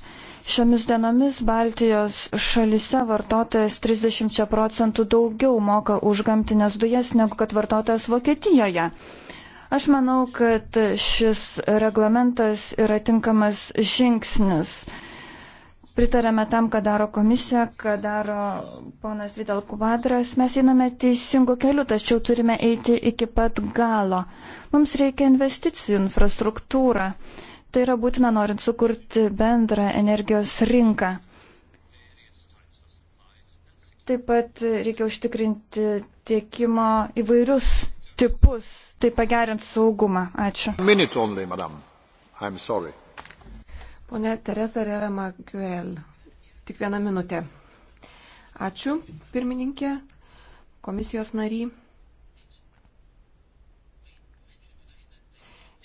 Šiomis dienomis Baltijos šalise vartotojas 30 procentų daugiau moka už gamtinės dujas negu kad vartotojas Vokietijoje. Aš manau, kad šis reglamentas yra tinkamas žingsnis. Pritarėme tam, ką daro komisija, ką daro ponas Vidal Kubadras. Mes einame teisingu keliu, tačiau turime eiti iki pat galo. Mums reikia investicijų infrastruktūrą. Tai yra būtina norint sukurti bendrą energijos rinką. Taip pat reikia užtikrinti tiekimo įvairius tipus, tai pagerint saugumą. Ačiū. Minute only, madam. I'm sorry. Pone Teresa Rera Maguel. Tik vieną minutę. Ačiū, pirmininkė, komisijos nary.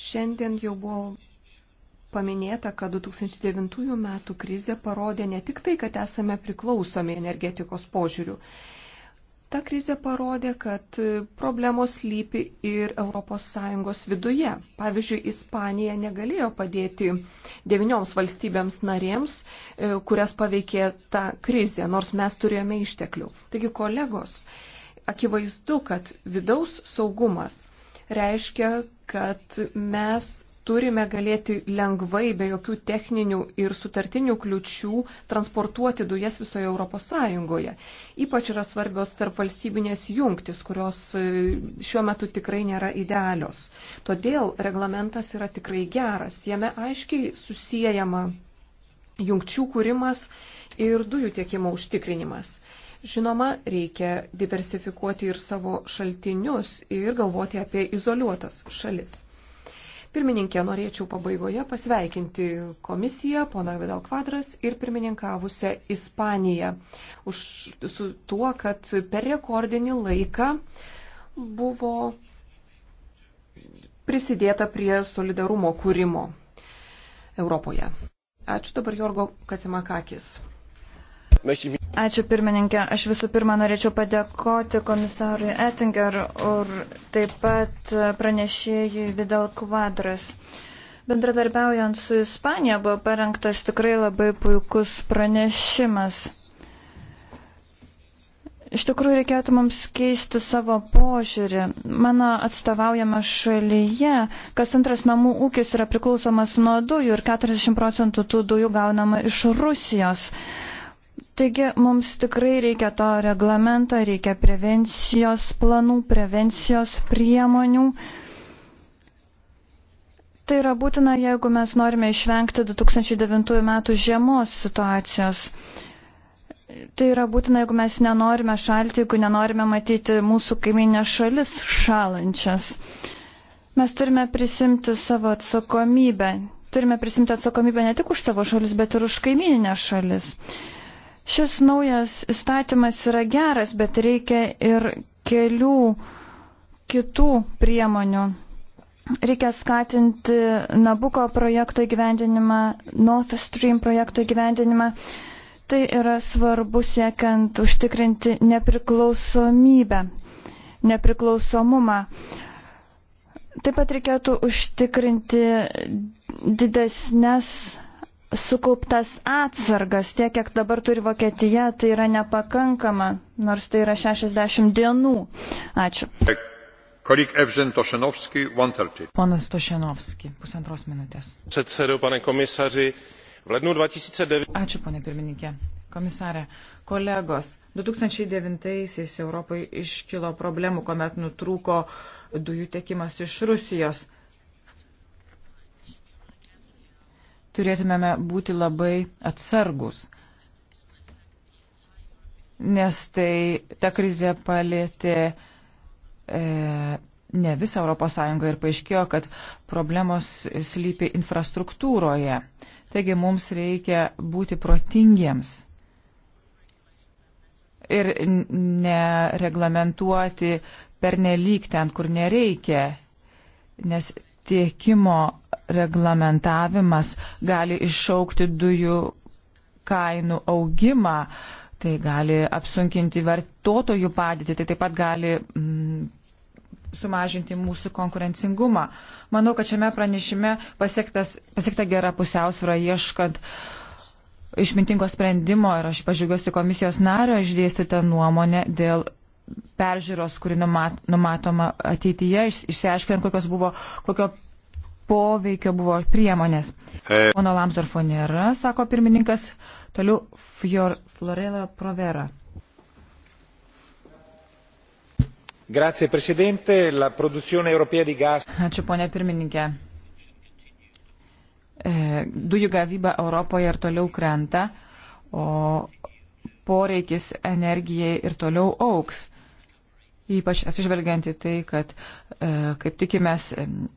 Šiandien jau buvo paminėta, kad 2009 metų krizė parodė ne tik tai, kad esame priklausomi energetikos požiūrių. Ta krizė parodė, kad e, problemos lypi ir ES viduje. Pavyzdžiui, Ispanija negalėjo padėti devinioms valstybėms narėms, e, kurias paveikė ta krizė, nors mes turėjome išteklių. Taigi, kolegos, akivaizdu, kad vidaus saugumas reiškia, kad mes turime galėti lengvai, be jokių techninių ir sutartinių kliučių, transportuoti dujas visoje Europos Sąjungoje. Ypač yra svarbios tarp valstybinės jungtis, kurios e, šiuo metu tikrai nėra idealios. Todėl reglamentas yra tikrai geras. Jame aiškiai susijęjama jungčių kūrimas ir dujų tiekimo užtikrinimas. Žinoma, reikia diversifikuoti ir savo šaltinius ir galvoti apie izoliuotas šalis. Pirmininkė, norėčiau pabaigoje pasveikinti komisiją, poną Vidal Kvadras ir pirmininkavusią Ispaniją už su tuo, kad per rekordinį laiką buvo prisidėta prie solidarumo kūrimo Europoje. Ačiū dabar Jorgo Kacimakakis. Ačiū pirmininkė. Aš visų pirma norėčiau padėkoti komisarui Ettinger ir taip pat pranešėjui Vidal Kvadras. Bendradarbiaujant su Ispanija buvo parengtas tikrai labai puikus pranešimas. Iš tikrųjų, reikėtų mums keisti savo požiūrį. Mano atstovaujama šalyje, kas antras namų ūkis yra priklausomas nuo dujų ir 40 procentų tų dujų gaunama iš Rusijos. Taigi mums tikrai reikia to reglamento, reikia prevencijos planų, prevencijos priemonių. Tai yra būtina, jeigu mes norime išvengti 2009 metų žiemos situacijos. Tai yra būtina, jeigu mes nenorime šalti, jeigu nenorime matyti mūsų kaiminės šalis šalančias. Mes turime prisimti savo atsakomybę. Turime prisimti atsakomybę ne tik už savo šalis, bet ir už kaimininę šalis. šalis. Šis naujas įstatymas yra geras, bet reikia ir kelių kitų priemonių. Reikia skatinti Nabuko projekto įgyvendinimą, North Stream projekto įgyvendinimą. Tai yra svarbu siekiant užtikrinti nepriklausomybę, nepriklausomumą. Taip pat reikėtų užtikrinti didesnės sukauptas atsargas, tiek kiek dabar turi Vokietija, tai yra nepakankama, nors tai yra 60 dienų. Ačiū. Kolik Evžen Tošenovski, 130. Ponas Tošenovski, pusantros minutės. Předsedu, pane komisaři, v lednu 2009. Ačiū, pane pirmininkė. Komisarė, kolegos, 2009-aisiais Europai iškilo problemų, kuomet nutrūko dujų tekimas iš Rusijos. turėtumėme būti labai atsargus, nes tai ta krizė palėtė e, ne visą ES ir paaiškėjo, kad problemos slypi infrastruktūroje. Taigi mums reikia būti protingiems ir nereglamentuoti per nelyg ten, kur nereikia, nes tiekimo reglamentavimas gali iššaukti dujų kainų augimą, tai gali apsunkinti vartotojų padėtį, tai taip pat gali mm, sumažinti mūsų konkurencingumą. Manau, kad šiame pranešime pasiekta gera pusiausvara ieškant išmintingo sprendimo ir aš pažiūrėsiu komisijos nario išdėstytą nuomonę dėl peržiūros, kuri numat, numatoma ateityje, išsiaiškinant, kokios buvo, kokio poveikio buvo priemonės. E. Pono Lamsdorfo nėra, sako pirmininkas, toliau Fior, Florela Provera. Grazie, Presidente. La produzione europea di gas. Ačiū, ponė pirmininkė. E, dujų gavyba Europoje ir toliau krenta, o poreikis energijai ir toliau auks ypač atsižvelgiant į tai, kad, e, kaip tikimės,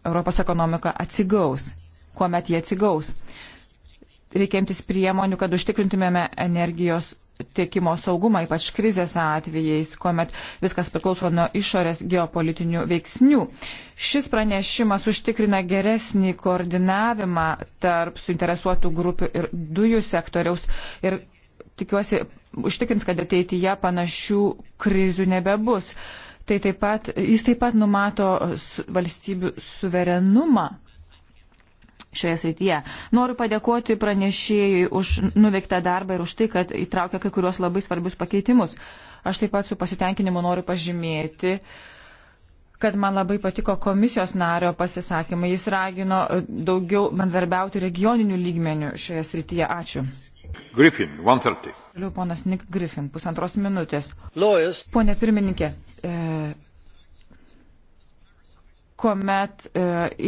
Europos ekonomika atsigaus, kuomet jie atsigaus. Reikėmtis priemonių, kad užtikrintumėme energijos tiekimo saugumą, ypač krizės atvejais, kuomet viskas priklauso nuo išorės geopolitinių veiksnių. Šis pranešimas užtikrina geresnį koordinavimą tarp suinteresuotų grupių ir dujų sektoriaus ir tikiuosi, užtikrins, kad ateityje panašių krizių nebebus. Tai taip pat, jis taip pat numato valstybių suverenumą šioje srityje. Noriu padėkoti pranešėjai už nuveiktą darbą ir už tai, kad įtraukia kai kurios labai svarbius pakeitimus. Aš taip pat su pasitenkinimu noriu pažymėti, kad man labai patiko komisijos nario pasisakymai. Jis ragino daugiau bendarbiauti regioninių lygmenių šioje srityje. Ačiū. Griffin, 130. Toliau ponas Nick Griffin, pusantros minutės. Lawyers. Pone pirmininkė, e, kuomet e,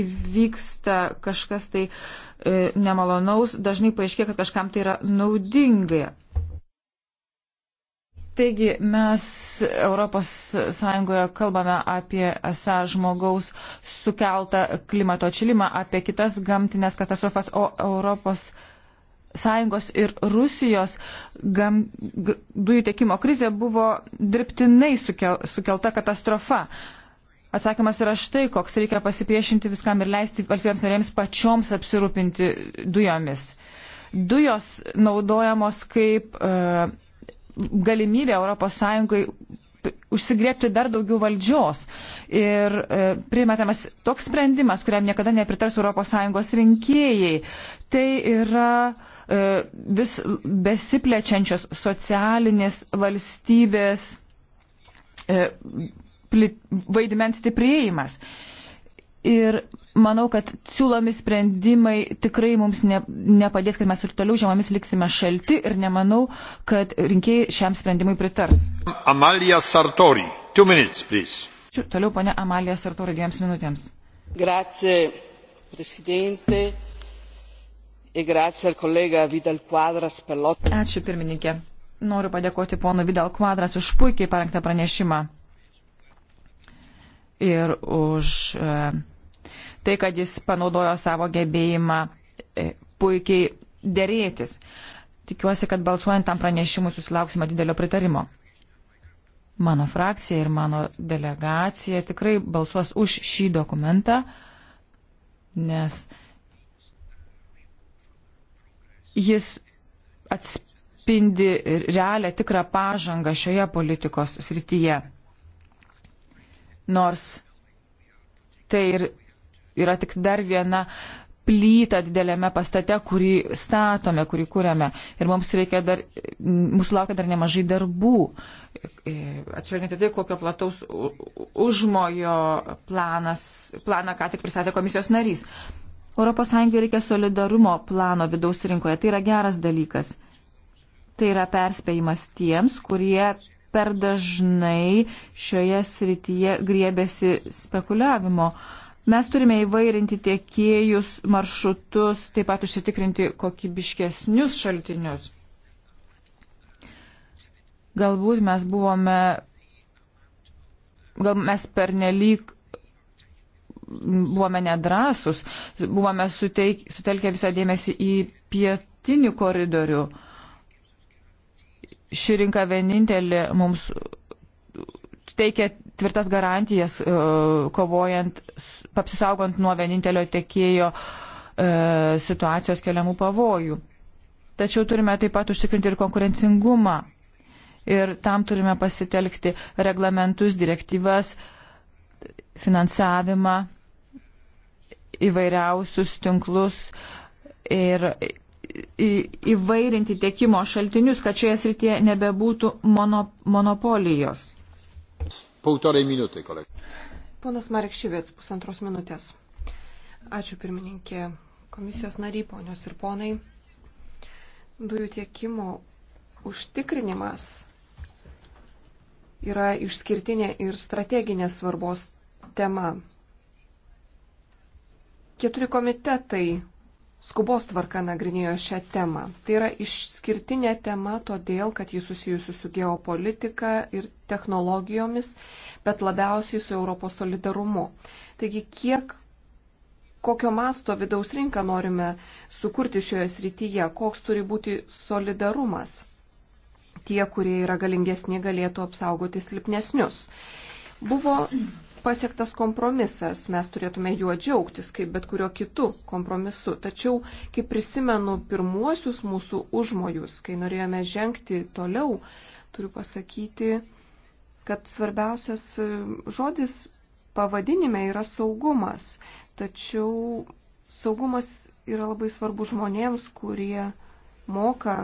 įvyksta kažkas tai e, nemalonaus, dažnai paaiškėja, kad kažkam tai yra naudinga. Taigi mes ES kalbame apie esą žmogaus sukeltą klimato atšilimą, apie kitas gamtinės katastrofas, o Europos Sąjungos ir Rusijos gam, g, dujų tiekimo krizė buvo dirbtinai sukel, sukelta katastrofa. Atsakymas yra štai, koks reikia pasipriešinti viskam ir leisti valstybėms narėms pačioms apsirūpinti dujomis. Dujos naudojamos kaip e, galimybė ES užsigriepti dar daugiau valdžios. Ir e, primetamas toks sprendimas, kuriam niekada nepritars ES rinkėjai, tai yra E, vis besiplečiančios socialinės valstybės e, vaidmens stiprėjimas. Ir manau, kad siūlomi sprendimai tikrai mums ne, nepadės, kad mes ir toliau žemomis liksime šalti ir nemanau, kad rinkėjai šiam sprendimui pritars. Amalija Sartori, 2 minutes, please. Toliau ponia Amalija Sartori, dviems minutėms. Grazie, prezidente. E Ačiū pirmininkė. Noriu padėkoti ponu Vidal Kvadras už puikiai parengtą pranešimą ir už e, tai, kad jis panaudojo savo gebėjimą e, puikiai dėrėtis. Tikiuosi, kad balsuojant tam pranešimui susilauksime didelio pritarimo. Mano frakcija ir mano delegacija tikrai balsuos už šį dokumentą, nes Jis atspindi realią tikrą pažangą šioje politikos srityje. Nors tai ir yra tik dar viena plytą didelėme pastate, kurį statome, kurį kūrėme. Ir mums reikia dar, mūsų laukia dar nemažai darbų. E, Atsižvelgiant į tai, kokio plataus užmojo planas, planą ką tik pristatė komisijos narys. ES reikia solidarumo plano vidaus rinkoje. Tai yra geras dalykas. Tai yra perspėjimas tiems, kurie per dažnai šioje srityje griebėsi spekuliavimo. Mes turime įvairinti tiekėjus, maršrutus, taip pat užsitikrinti kokybiškesnius šaltinius. Galbūt mes buvome, gal mes pernelyg buvome nedrasus, buvome suteik, sutelkę visą dėmesį į pietinį koridorių. Ši rinka vienintelė mums teikia tvirtas garantijas, e, kovojant, apsisaugant nuo vienintelio tiekėjo e, situacijos keliamų pavojų. Tačiau turime taip pat užtikrinti ir konkurencingumą. Ir tam turime pasitelkti reglamentus, direktyvas, uh, finansavimą, įvairiausius tinklus ir įvairinti tiekimo šaltinius, kad šioje srityje nebebūtų mono, monopolijos. Pautorai minutai, kolega. Ponas Marek Šivėts, pusantros minutės. Ačiū pirmininkė komisijos nariai, ponios ir ponai. Dujų tiekimo užtikrinimas yra išskirtinė ir strateginės svarbos tema. Keturi komitetai skubos tvarka nagrinėjo šią temą. Tai yra išskirtinė tema, todėl, kad jis susijusi su geopolitika ir technologijomis, bet labiausiai su Europos solidarumu. Taigi, kiek, kokio masto vidaus rinką norime sukurti šioje srityje, koks turi būti solidarumas. Tie, kurie yra galingesni, galėtų apsaugoti silpnesnius. Buvo pasiektas kompromisas, mes turėtume juo džiaugtis, kaip bet kurio kitų kompromisu. Tačiau, kaip prisimenu pirmuosius mūsų užmojus, kai norėjome žengti toliau, turiu pasakyti, kad svarbiausias e, žodis pavadinime yra saugumas. Tačiau saugumas yra labai svarbu žmonėms, kurie moka,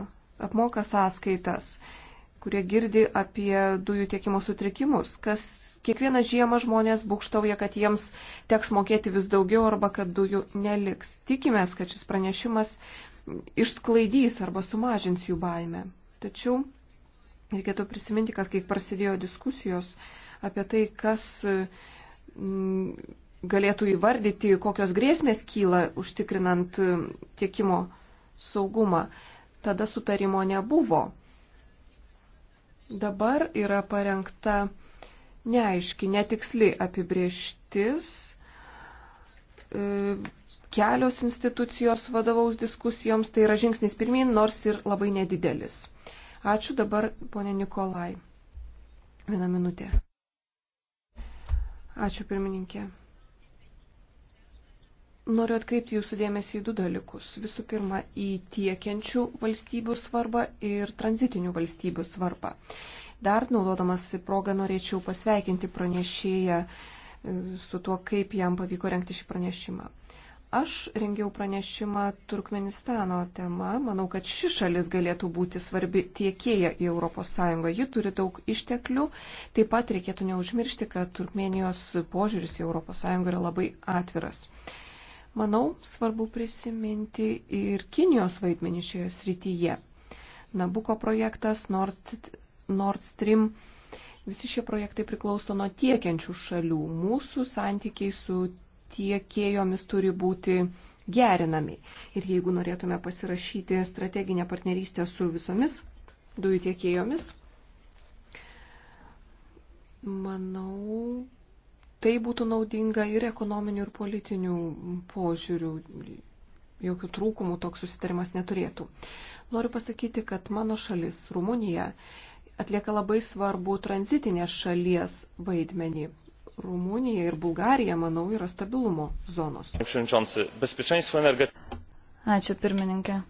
apmoka sąskaitas kurie girdi apie dujų tiekimo sutrikimus, kas kiekvieną žiemą žmonės būkštauja, kad jiems teks mokėti vis daugiau arba kad dujų neliks. Tikimės, kad šis pranešimas išsklaidys arba sumažins jų baimę. Tačiau reikėtų prisiminti, kad kai prasidėjo diskusijos apie tai, kas mm, galėtų įvardyti, kokios grėsmės kyla užtikrinant mm, tiekimo saugumą, tada sutarimo nebuvo Dabar yra parengta neaiški, netiksli apibrieštis. E, kelios institucijos vadovaus diskusijoms tai yra žingsnis pirmin, nors ir labai nedidelis. Ačiū dabar, ponė Nikolai. Vieną minutę. Ačiū pirmininkė. Noriu atkreipti jūsų dėmesį į du dalykus. Visų pirma, į tiekiančių valstybių svarbą ir tranzitinių valstybių svarbą. Dar naudodamas progą norėčiau pasveikinti pranešėją e, su tuo, kaip jam pavyko renkti šį pranešimą. Aš rengiau pranešimą Turkmenistano tema. Manau, kad ši šalis galėtų būti svarbi tiekėja į ES. Ji turi daug išteklių. Taip pat reikėtų neužmiršti, kad Turkmenijos požiūris į ES yra labai atviras. Manau, svarbu prisiminti ir Kinijos vaidmenį šioje srityje. Nabuko projektas, Nord, Nord Stream, visi šie projektai priklauso nuo tiekiančių šalių. Mūsų santykiai su tiekėjomis turi būti gerinami. Ir jeigu norėtume pasirašyti strateginę partnerystę su visomis dujų tiekėjomis, manau, Tai būtų naudinga ir ekonominių, ir politinių požiūrių. Jokių trūkumų toks susitarimas neturėtų. Noriu pasakyti, kad mano šalis, Rumunija, atlieka labai svarbu tranzitinės šalies vaidmenį. Rumunija ir Bulgarija, manau, yra stabilumo zonos. Ačiū pirmininkė.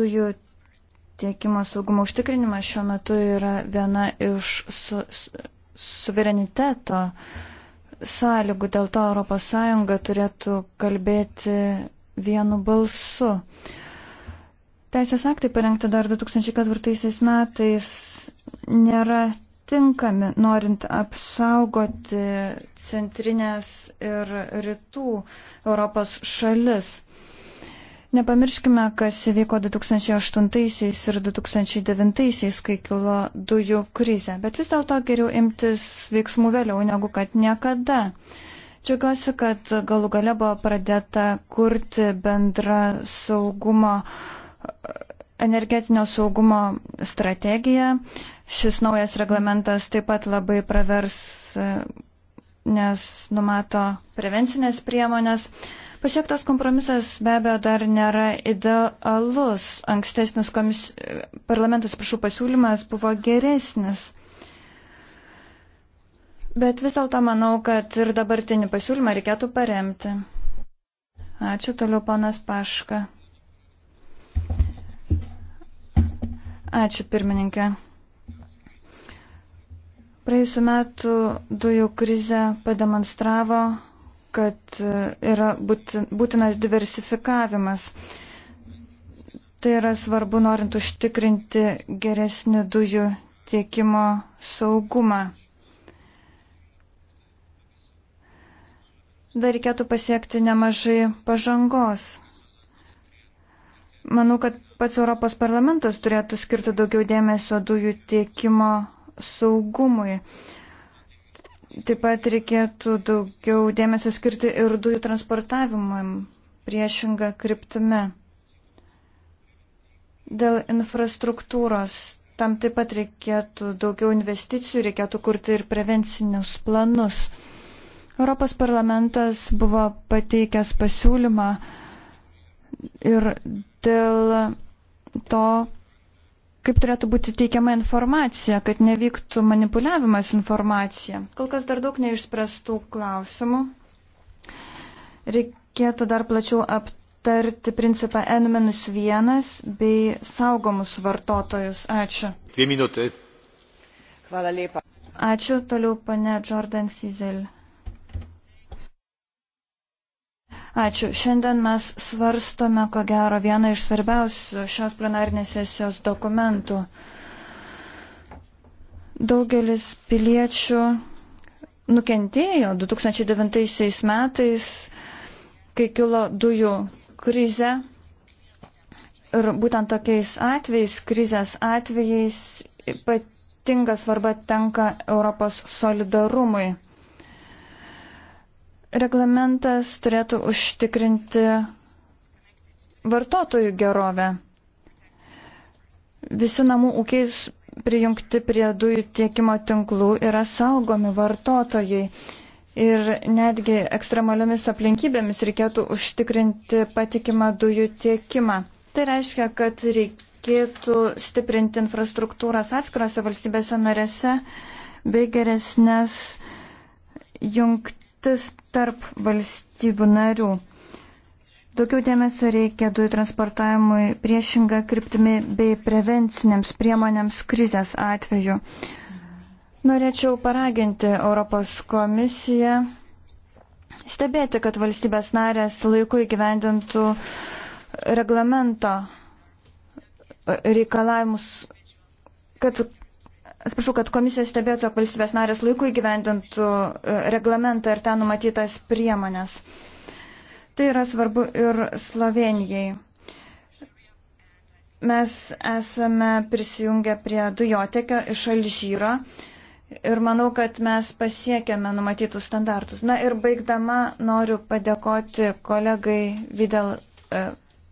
Dujų tiekimo saugumo užtikrinimas šiuo metu yra viena iš su, su, suvereniteto sąlygų, dėl to ES turėtų kalbėti vienu balsu. Teisės aktai parengti dar 2004 metais nėra tinkami, norint apsaugoti centrinės ir rytų Europos šalis. Nepamirškime, kas įvyko 2008 ir 2009, kai kilo dujų krizė, bet vis dėlto geriau imtis veiksmų vėliau negu kad niekada. Džiaugiuosi, kad galų gale buvo pradėta kurti bendrą saugumo, energetinio saugumo strategiją. Šis naujas reglamentas taip pat labai pravers, nes numato prevencinės priemonės. Pasiektas kompromisas be abejo dar nėra idealus. Ankstesnis komis... parlamentas, prašau, pasiūlymas buvo geresnis. Bet vis dėlto manau, kad ir dabartinį pasiūlymą reikėtų paremti. Ačiū toliau, ponas Paška. Ačiū, pirmininkė. Praėjusiu metu dujų krize pademonstravo, kad yra būtinas diversifikavimas. Tai yra svarbu norint užtikrinti geresnį dujų tiekimo saugumą. Dar reikėtų pasiekti nemažai pažangos. Manau, kad pats Europos parlamentas turėtų skirti daugiau dėmesio dujų tiekimo saugumui. Uh, Taip pat reikėtų daugiau dėmesio skirti ir dujų transportavimui priešinga kryptimi. Dėl infrastruktūros tam taip pat reikėtų daugiau investicijų, reikėtų kurti ir prevencinius planus. Europos parlamentas buvo pateikęs pasiūlymą ir dėl to kaip turėtų būti teikiama informacija, kad nevyktų manipuliavimas informacija. Kol kas dar daug neišspręstų klausimų. Reikėtų dar plačiau aptarti principą N-1 bei saugomus vartotojus. Ačiū. Dvi minutė. Hvala lepa. Ačiū toliau, pane Jordan Sizel. Ačiū. Šiandien mes svarstome, ko gero, vieną iš svarbiausių šios plenarinės sesijos dokumentų. Daugelis piliečių nukentėjo 2009 metais, kai kilo dujų krize. Ir būtent tokiais atvejais, krizės atvejais, ypatinga svarba tenka Europos solidarumui. Reglamentas turėtų užtikrinti vartotojų gerovę. Visi namų ūkiai prijungti prie dujų tiekimo tinklų yra saugomi vartotojai. Ir netgi ekstremaliomis aplinkybėmis reikėtų užtikrinti patikimą dujų tiekimą. Tai reiškia, kad reikėtų stiprinti infrastruktūras atskirose valstybėse narėse bei geresnės jungtis skirtis tarp valstybių narių. Daugiau dėmesio reikia dujų transportavimui priešinga kryptimi bei prevencinėms priemonėms krizės atveju. Norėčiau paraginti Europos komisiją stebėti, kad valstybės narės laiku įgyvendintų reglamento reikalavimus, kad Atsiprašau, kad komisija stebėtų, jog valstybės narės laiku įgyvendintų e, reglamentą ir ten numatytas priemonės. Tai yra svarbu ir Slovenijai. Mes esame prisijungę prie dujotekio iš Alžyro ir manau, kad mes pasiekėme numatytų standartus. Na ir baigdama noriu padėkoti kolegai Videl e,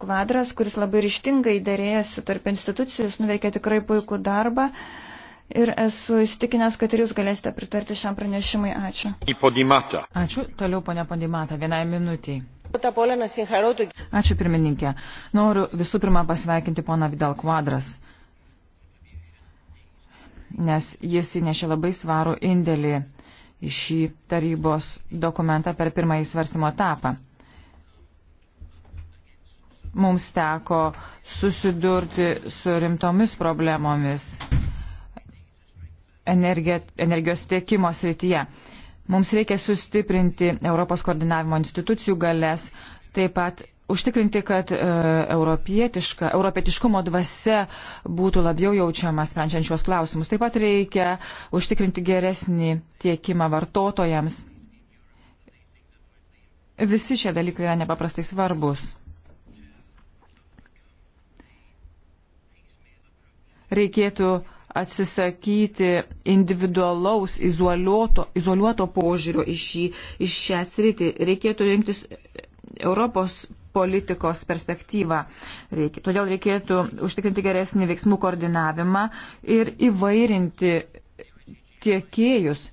Kvadras, kuris labai ryštingai dėrėjasi tarp institucijų, jis nuveikė tikrai puikų darbą. Uh, ir esu įstikinęs, kad ir jūs galėsite pritarti šiam pranešimui. Ačiū. Ačiū. Toliau, ponia Pandimata, vienai minutiai. Ačiū pirmininkė. Noriu visų pirma pasveikinti poną Vidal Kvadras, nes jis įnešė labai svarų indėlį į šį tarybos dokumentą per pirmąjį svarstymo etapą. Mums teko susidurti su rimtomis problemomis energija, energijos tiekimo srityje. Mums reikia sustiprinti Europos koordinavimo institucijų galės, taip pat užtikrinti, kad e, europietiškumo dvasia būtų labiau jaučiama sprendžiant šios klausimus. Taip pat reikia užtikrinti geresnį tiekimą vartotojams. Visi šie dalykai yra nepaprastai svarbus. Reikėtų atsisakyti individualaus, izoliuoto, izoliuoto požiūrio į, šį, į šią sritį. Reikėtų rinktis Europos politikos perspektyvą. Reikia, todėl reikėtų užtikrinti geresnį veiksmų koordinavimą ir įvairinti tiekėjus.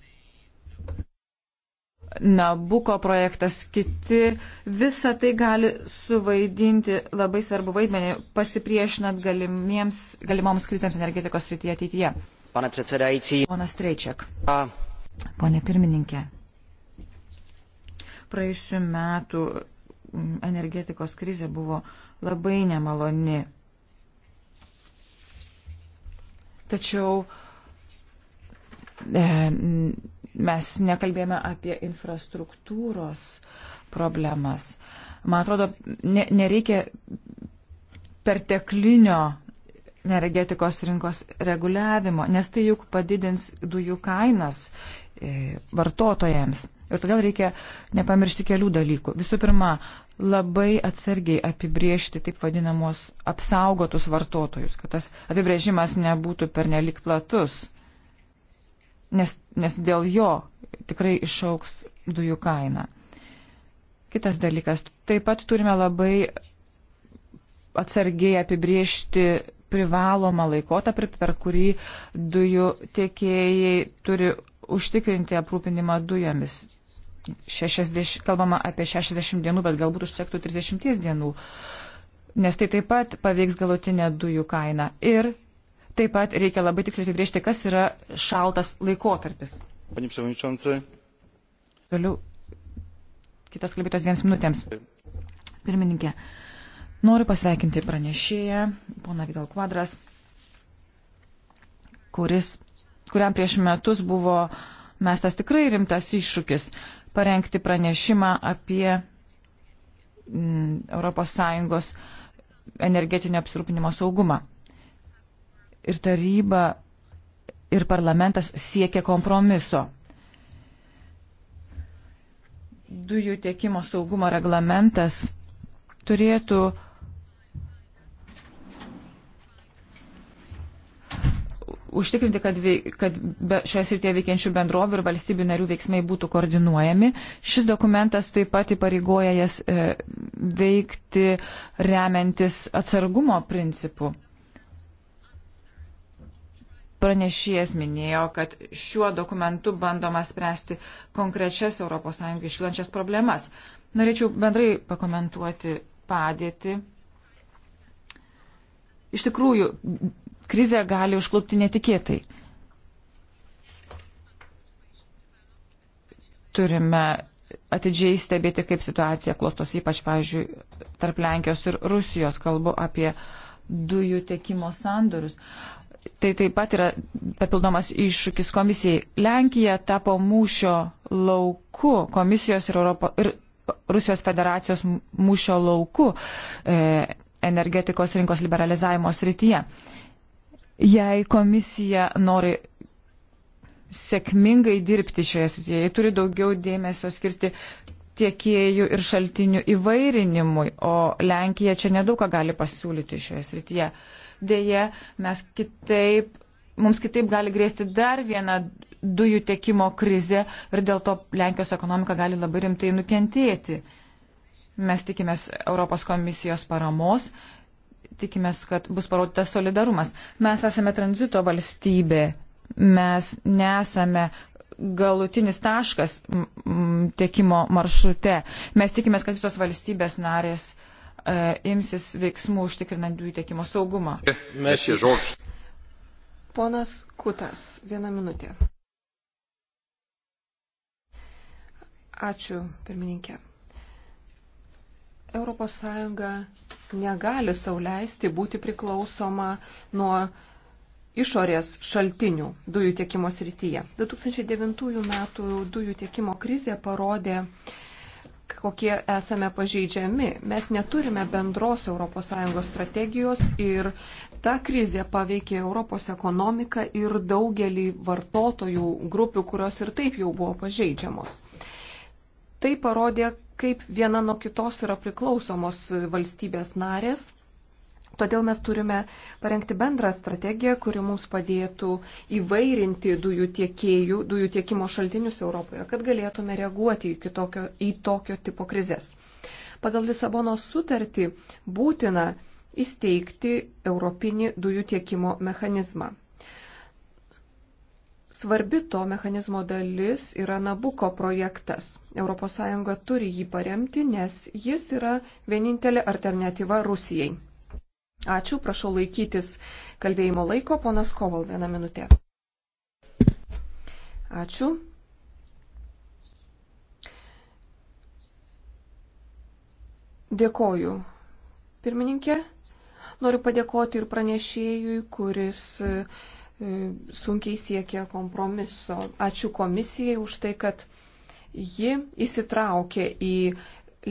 Nabuko projektas, kiti, visa tai gali suvaidinti labai svarbu vaidmenį, pasipriešinant galimoms krizėms energetikos srityje ateityje. Pane predsedajci. Ponas Treičiak. Pone pirmininkė. Praėjusiu metu energetikos krizė buvo labai nemaloni. Tačiau e, Mes nekalbėjome apie infrastruktūros problemas. Man atrodo, ne, nereikia perteklinio energetikos rinkos reguliavimo, nes tai juk padidins dujų kainas e, vartotojams. Ir todėl reikia nepamiršti kelių dalykų. Visų pirma, labai atsargiai apibriežti taip vadinamos apsaugotus vartotojus, kad tas apibrėžimas nebūtų pernelik platus nes, nes dėl jo tikrai išauks dujų kaina. Kitas dalykas, taip pat turime labai atsargiai apibriežti privalomą laikotarpį, per kurį dujų tiekėjai turi užtikrinti aprūpinimą dujomis. 60, kalbama apie 60 dienų, bet galbūt užsektų 30 dienų, nes tai taip pat paveiks galutinę dujų kainą. Ir Taip pat reikia labai tiksliai apibriežti, kas yra šaltas laikotarpis. Pani Przewodniczący. Toliau kitas kalbėtas dviems minutėms. Pirmininkė, noriu pasveikinti pranešėją, poną Vidal Kvadras, kuris, kuriam prieš metus buvo mestas tikrai rimtas iššūkis parengti pranešimą apie mm, ES energetinio apsirūpinimo saugumą ir taryba ir parlamentas siekia kompromiso. Dujų tiekimo saugumo reglamentas turėtų užtikrinti, kad, veik, kad šioje srityje veikiančių bendrovių ir valstybių narių veiksmai būtų koordinuojami. Šis dokumentas taip pat įpareigoja jas e, veikti remiantis atsargumo principu pranešėjas minėjo, kad šiuo dokumentu bandoma spręsti konkrečias ES iškilančias problemas. Norėčiau bendrai pakomentuoti padėtį. Iš tikrųjų, krizė gali užklupti netikėtai. Turime atidžiai stebėti, kaip situacija klostos, ypač, pavyzdžiui, tarp Lenkijos ir Rusijos. Kalbu apie dujų tiekimo sandorius. Uh, tai taip pat yra papildomas iššūkis komisijai. Lenkija tapo mūšio lauku komisijos ir, Europo, ir Rusijos federacijos mūšio lauku e, energetikos rinkos liberalizavimo srityje. Jei komisija nori sėkmingai dirbti šioje srityje, jie turi daugiau dėmesio skirti tiekėjų ir šaltinių įvairinimui, o Lenkija čia nedaug ką gali pasiūlyti šioje srityje. E, Deja, mes kitaip, mums kitaip gali grėsti dar viena dujų tiekimo krizė ir dėl to Lenkijos ekonomika gali labai rimtai nukentėti. Mes tikimės Europos komisijos paramos, tikimės, kad bus parodytas solidarumas. Mes esame tranzito valstybė, mes nesame galutinis taškas tiekimo maršrute. Mes tikimės, kad visos valstybės narės E, imsis veiksmų užtikrinant dujų tiekimo saugumą. Mes į žodžius. Ponas Kutas, vieną minutę. Ačiū, pirmininkė. ES negali sauliaisti būti priklausoma nuo išorės šaltinių dujų tiekimo srityje. 2009 m. dujų tiekimo krizė parodė, kokie esame pažeidžiami. Mes neturime bendros ES strategijos ir ta krizė paveikė Europos ekonomiką ir daugelį vartotojų grupių, kurios ir taip jau buvo pažeidžiamos. Tai parodė, kaip viena nuo kitos yra priklausomos valstybės narės Todėl mes turime parengti bendrą strategiją, kuri mums padėtų įvairinti dujų tiekėjų, dujų tiekimo šaltinius Europoje, kad galėtume reaguoti į, kitokio, į tokio tipo krizės. Pagal Lisabono sutartį būtina įsteigti Europinį dujų tiekimo mechanizmą. Svarbi to mechanizmo dalis yra Nabuko projektas. ES turi jį paremti, nes jis yra vienintelė alternatyva Rusijai. Ačiū, prašau laikytis kalbėjimo laiko. Ponas Koval, vieną minutę. Ačiū. Dėkoju. Pirmininkė, noriu padėkoti ir pranešėjui, kuris e, sunkiai siekė kompromiso. Ačiū komisijai už tai, kad ji įsitraukė į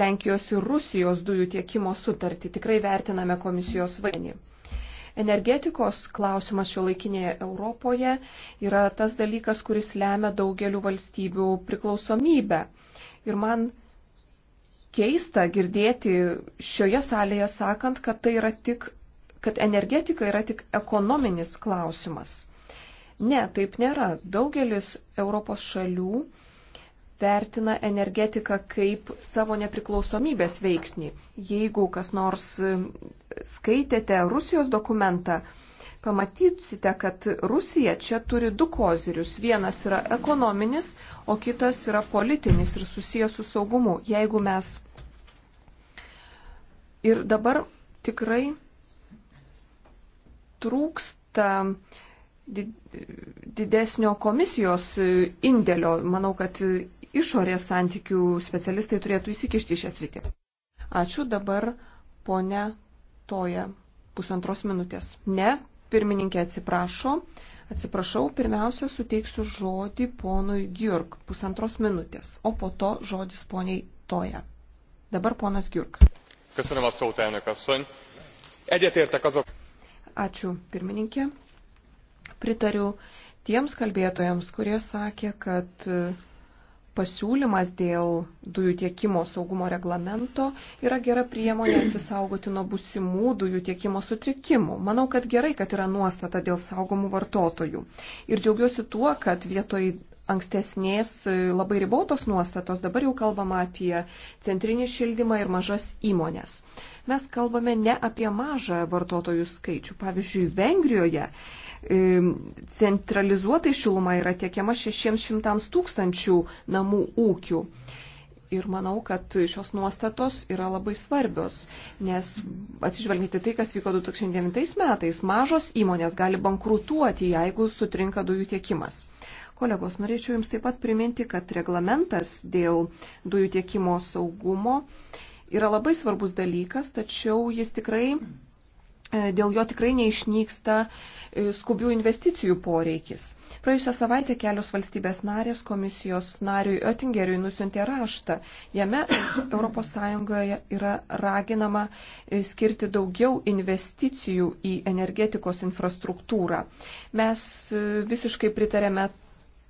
Lenkijos ir Rusijos dujų tiekimo sutartį. Tikrai vertiname komisijos vaidmenį. Energetikos klausimas šio laikinėje Europoje yra tas dalykas, kuris lemia daugeliu valstybių priklausomybę. Ir man keista girdėti šioje salėje sakant, kad, tai yra tik, kad energetika yra tik ekonominis klausimas. Ne, taip nėra. Daugelis Europos šalių vertina energetiką kaip savo nepriklausomybės veiksnį. Jeigu kas nors skaitėte Rusijos dokumentą, pamatysite, kad Rusija čia turi du kozirius. Vienas yra ekonominis, o kitas yra politinis ir susijęs su saugumu. Jeigu mes ir dabar tikrai trūksta didesnio komisijos e, indėlio, manau, kad išorės santykių specialistai turėtų įsikišti į šią sritį. Ačiū dabar, ponia Toja, pusantros minutės. Ne, pirmininkė atsiprašo. Atsiprašau, pirmiausia, suteiksiu žodį ponui Gjurk, pusantros minutės, o po to žodis poniai Toja. Dabar ponas Gjurk. Köszönöm a szót, elnök asszony. Egyetértek azok. Ačiū, pirmininkė. Pritariu tiems kalbėtojams, kurie sakė, kad uh, pasiūlymas dėl dujų tiekimo saugumo reglamento yra gera priemonė atsisaugoti nuo busimų dujų tiekimo sutrikimų. Manau, kad gerai, kad yra nuostata dėl saugomų vartotojų. Ir džiaugiuosi tuo, kad vietoj ankstesnės e, labai ribotos nuostatos dabar jau kalbama apie centrinį šildymą ir mažas įmonės. Mes kalbame ne apie mažą vartotojų skaičių. Pavyzdžiui, Vengrijoje centralizuotai šiluma yra tiekiama 600 tūkstančių namų ūkių. Ir manau, kad šios nuostatos yra labai svarbios, nes atsižvelgiant į tai, kas vyko 2009 metais, mažos įmonės gali bankrutuoti, jeigu sutrinka dujų tiekimas. Kolegos, norėčiau Jums taip pat priminti, kad reglamentas dėl dujų tiekimo saugumo yra labai svarbus dalykas, tačiau jis tikrai E, dėl jo tikrai neišnyksta e, skubių investicijų poreikis. Praėjusią savaitę kelios valstybės narės komisijos nariui Oettingeriui nusintė raštą. Jame ES yra raginama e, skirti daugiau investicijų į energetikos infrastruktūrą. Mes visiškai pritarėme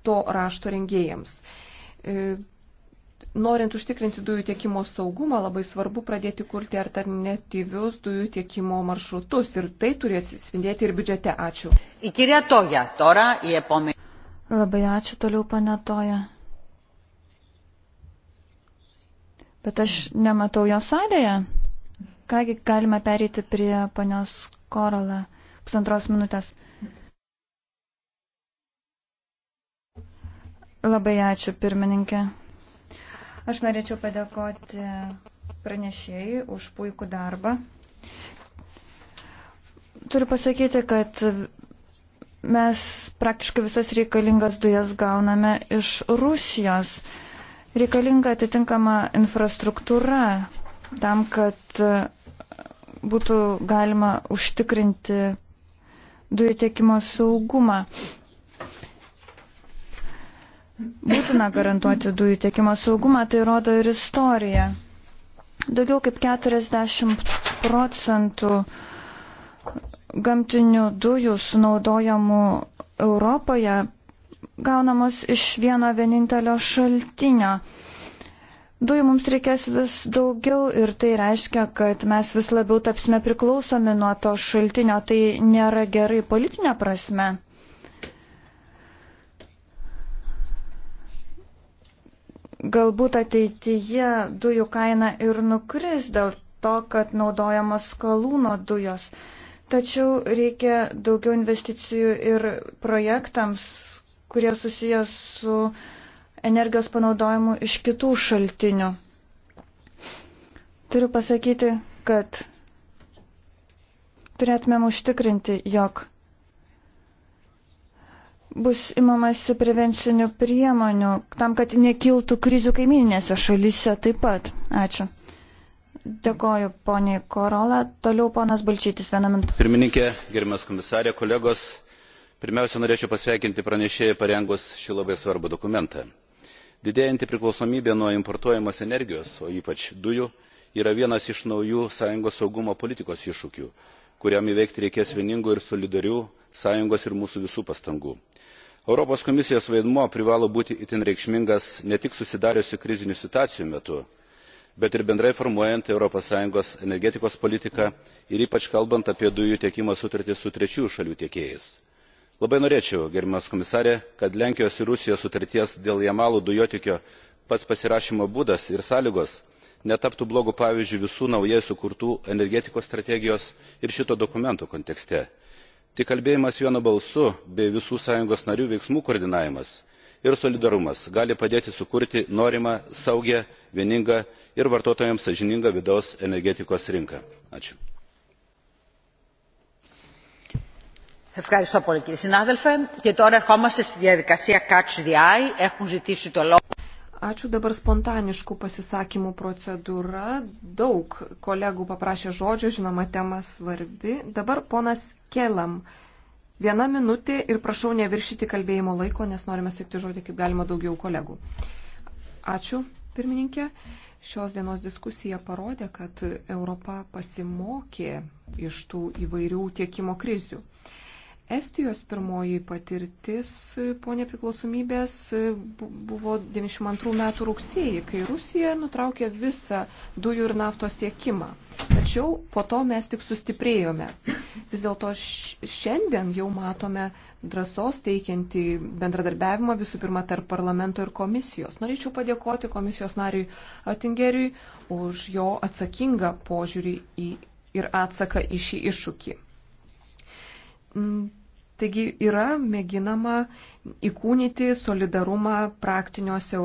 to rašto rengėjams norint užtikrinti dujų tiekimo saugumą, labai svarbu pradėti kurti alternatyvius dujų tiekimo maršrutus ir tai turės spindėti ir biudžete. Ačiū. Labai ačiū toliau, panetoja. Bet aš nematau jo salėje. Kągi galime pereiti prie panios Korolą. Pusantros minutės. Labai ačiū, pirmininkė. Aš norėčiau padėkoti pranešėjai už puikų darbą. Turiu pasakyti, kad mes praktiškai visas reikalingas dujas gauname iš Rusijos. Reikalinga atitinkama infrastruktūra tam, kad būtų galima užtikrinti dujų tiekimo saugumą. Būtina garantuoti dujų tiekimo saugumą, tai rodo ir istorija. Daugiau kaip 40 procentų gamtinių dujų sunaudojamų Europoje gaunamos iš vieno vienintelio šaltinio. Dujų mums reikės vis daugiau ir tai reiškia, kad mes vis labiau tapsime priklausomi nuo to šaltinio. Tai nėra gerai politinė prasme. Galbūt ateityje dujų kaina ir nukris dėl to, kad naudojamos skalūno dujos. Tačiau reikia daugiau investicijų ir projektams, kurie susijęs su energijos panaudojimu iš kitų šaltinių. Turiu pasakyti, kad turėtumėm užtikrinti, jog bus imamasi prevencinių priemonių tam, kad nekiltų krizių kaimininėse šalyse taip pat. Ačiū. Dėkoju, poniai Korola. Toliau ponas Balčytis, vieną minutę. Pirmininkė, gerimas komisarė, kolegos, pirmiausia, norėčiau pasveikinti pranešėjai parengus šį labai svarbų dokumentą. Didėjanti priklausomybė nuo importuojamos energijos, o ypač dujų, yra vienas iš naujų sąjungos saugumo politikos iššūkių kuriam įveikti reikės vieningų ir solidarių sąjungos ir mūsų visų pastangų. europos komisijos vaidmuo privalo būti itin reikšmingas ne tik susidariusių krizinių situacijų metu bet ir bendrai formuojant europos sąjungos energetikos politiką ir ypač kalbant apie dujų tiekimo sutartis su trečiųjų šalių tiekėjais. labai norėčiau gerbiamas komisare kad lenkijos ir rusijos sutarties dėl jamalo dujotiekio pats pasirašymo būdas ir sąlygos netaptų blogu pavyzdžiu visų naujai sukurtų energetikos strategijos ir šito dokumento kontekste. tik kalbėjimas vienu balsu bei visų sąjungos narių veiksmų koordinavimas ir solidarumas gali padėti sukurti norimą saugią vieningą ir vartotojams sąžiningą vidaus energetikos rinką. ačiū. Ευχαριστώ πολύ κύριε συνάδελφε. Και τώρα ερχόμαστε στη διαδικασία Catch the Eye. Έχουν ζητήσει το λόγο. Ačiū dabar spontaniškų pasisakymų procedūra. Daug kolegų paprašė žodžio, žinoma, tema svarbi. Dabar ponas Kelam. Viena minutė ir prašau neviršyti kalbėjimo laiko, nes norime sutikti žodį kaip galima daugiau kolegų. Ačiū, pirmininkė. Šios dienos diskusija parodė, kad Europa pasimokė iš tų įvairių tiekimo krizių. Estijos pirmoji patirtis po nepriklausomybės buvo 92 metų rugsėjį, kai Rusija nutraukė visą dujų ir naftos tiekimą. Tačiau po to mes tik sustiprėjome. Vis dėlto šiandien jau matome drąsos teikianti bendradarbiavimą visų pirma tarp parlamento ir komisijos. Norėčiau padėkoti komisijos nariui Atingeriui už jo atsakingą požiūrį į ir atsaką į šį iššūkį Taigi yra mėginama įkūnyti solidarumą praktiniuose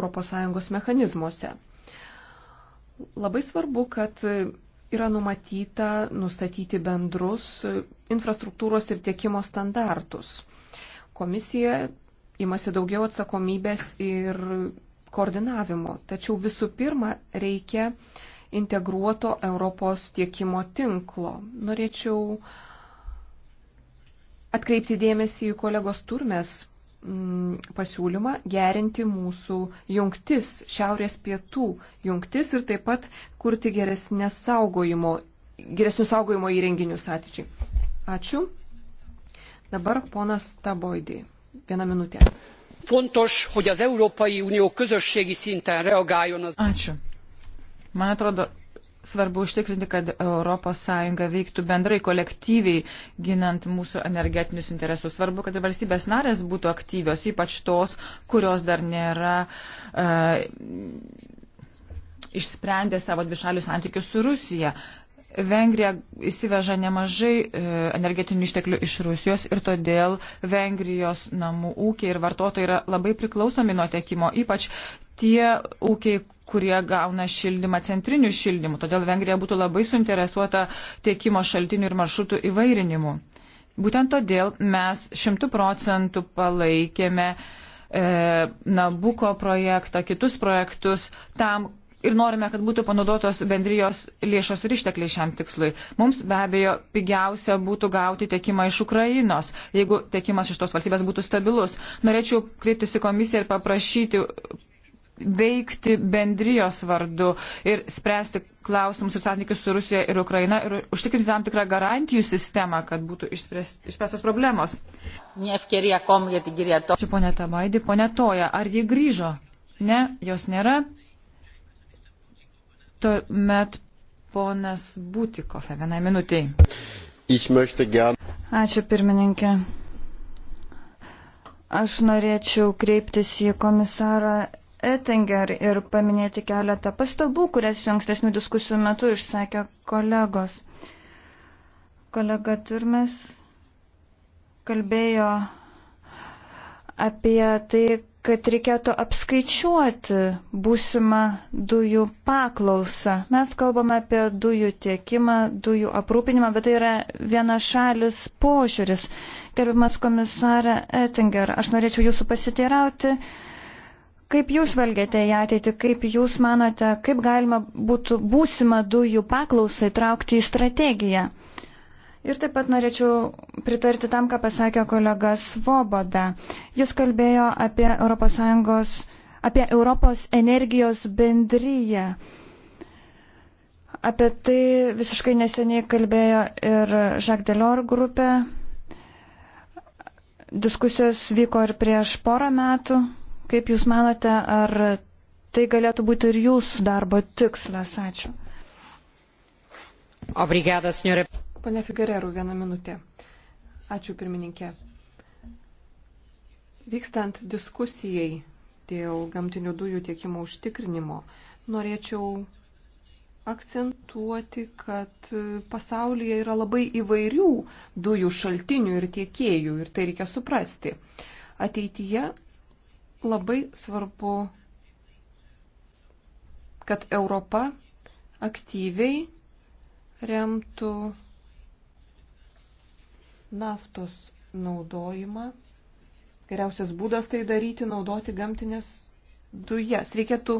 ES mechanizmuose. Labai svarbu, kad yra numatyta nustatyti bendrus infrastruktūros ir tiekimo standartus. Komisija imasi daugiau atsakomybės ir koordinavimo, tačiau visų pirma reikia integruoto Europos tiekimo tinklo. Norėčiau uh, atkreipti dėmesį į kolegos turmes mm, pasiūlymą gerinti mūsų jungtis, šiaurės pietų jungtis ir taip pat kurti geresnės saugojimo, geresnių saugojimo įrenginius ateičiai. Ačiū. Dabar ponas Taboidi. Viena minutė. Fontos, hogy az Európai Unió közösségi szinten reagáljon az... Ačiū. Man atrodo, svarbu užtikrinti, kad ES veiktų bendrai kolektyviai ginant mūsų energetinius interesus. Svarbu, kad ir valstybės narės būtų aktyvios, ypač tos, kurios dar nėra uh, išsprendę savo dvišalių santykių su Rusija. Vengrija įsiveža nemažai e, energetinių išteklių iš Rusijos ir todėl Vengrijos namų ūkiai ir vartotojai yra labai priklausomi nuo tiekimo, ypač tie ūkiai, kurie gauna šildymą centriniu šildymu. Todėl Vengrija būtų labai suinteresuota tiekimo šaltinių ir maršrutų įvairinimu. Būtent todėl mes šimtų procentų palaikėme e, Nabuko projektą, kitus projektus tam ir norime, kad būtų panaudotos bendrijos lėšos ir ištekliai šiam tikslui. Mums be abejo pigiausia būtų gauti tiekimą iš Ukrainos, jeigu tiekimas iš tos valstybės būtų stabilus. Norėčiau kreiptis į komisiją ir paprašyti veikti bendrijos vardu ir spręsti klausimus ir santykius su Rusija ir Ukraina ir užtikrinti tam tikrą garantijų sistemą, kad būtų išspręstos problemos. Ačiū ponė Tamaidi, ponė Toja, ar ji grįžo? Ne, jos nėra. Tuomet ponas Būtikofė, vienai minutiai. Ačiū pirmininkė. Aš norėčiau kreiptis į komisarą Ettinger ir paminėti keletą pastabų, kurias šių ankstesnių diskusijų metu išsakė kolegos. Kolega Turmes kalbėjo apie tai, kad reikėtų apskaičiuoti būsimą dujų paklausą. Mes kalbame apie dujų tiekimą, dujų aprūpinimą, bet tai yra viena šalis požiūris. Gerbimas komisarė Ettinger, aš norėčiau jūsų pasiteirauti Kaip jūs žvelgiate į ateitį, kaip jūs manote, kaip galima būtų būsimą dujų paklausą įtraukti į strategiją? Ir taip pat norėčiau pritarti tam, ką pasakė kolega Svoboda. Jis kalbėjo apie ES, apie Europos energijos bendryją. Apie tai visiškai neseniai kalbėjo ir Jacques Delors grupė. Diskusijos vyko ir prieš porą metų. Kaip Jūs manote, ar tai galėtų būti ir Jūsų darbo tikslas? Ačiū. Obrigada, senjore. Pane Figarerų, vieną minutę. Ačiū, pirmininkė. Vykstant diskusijai dėl gamtinių dujų tiekimo užtikrinimo, norėčiau akcentuoti, kad pasaulyje yra labai įvairių dujų šaltinių ir tiekėjų ir tai reikia suprasti. Ateityje labai svarbu, kad Europa aktyviai remtų naftos naudojimą. Geriausias būdas tai daryti - naudoti gamtinės dujas. Reikėtų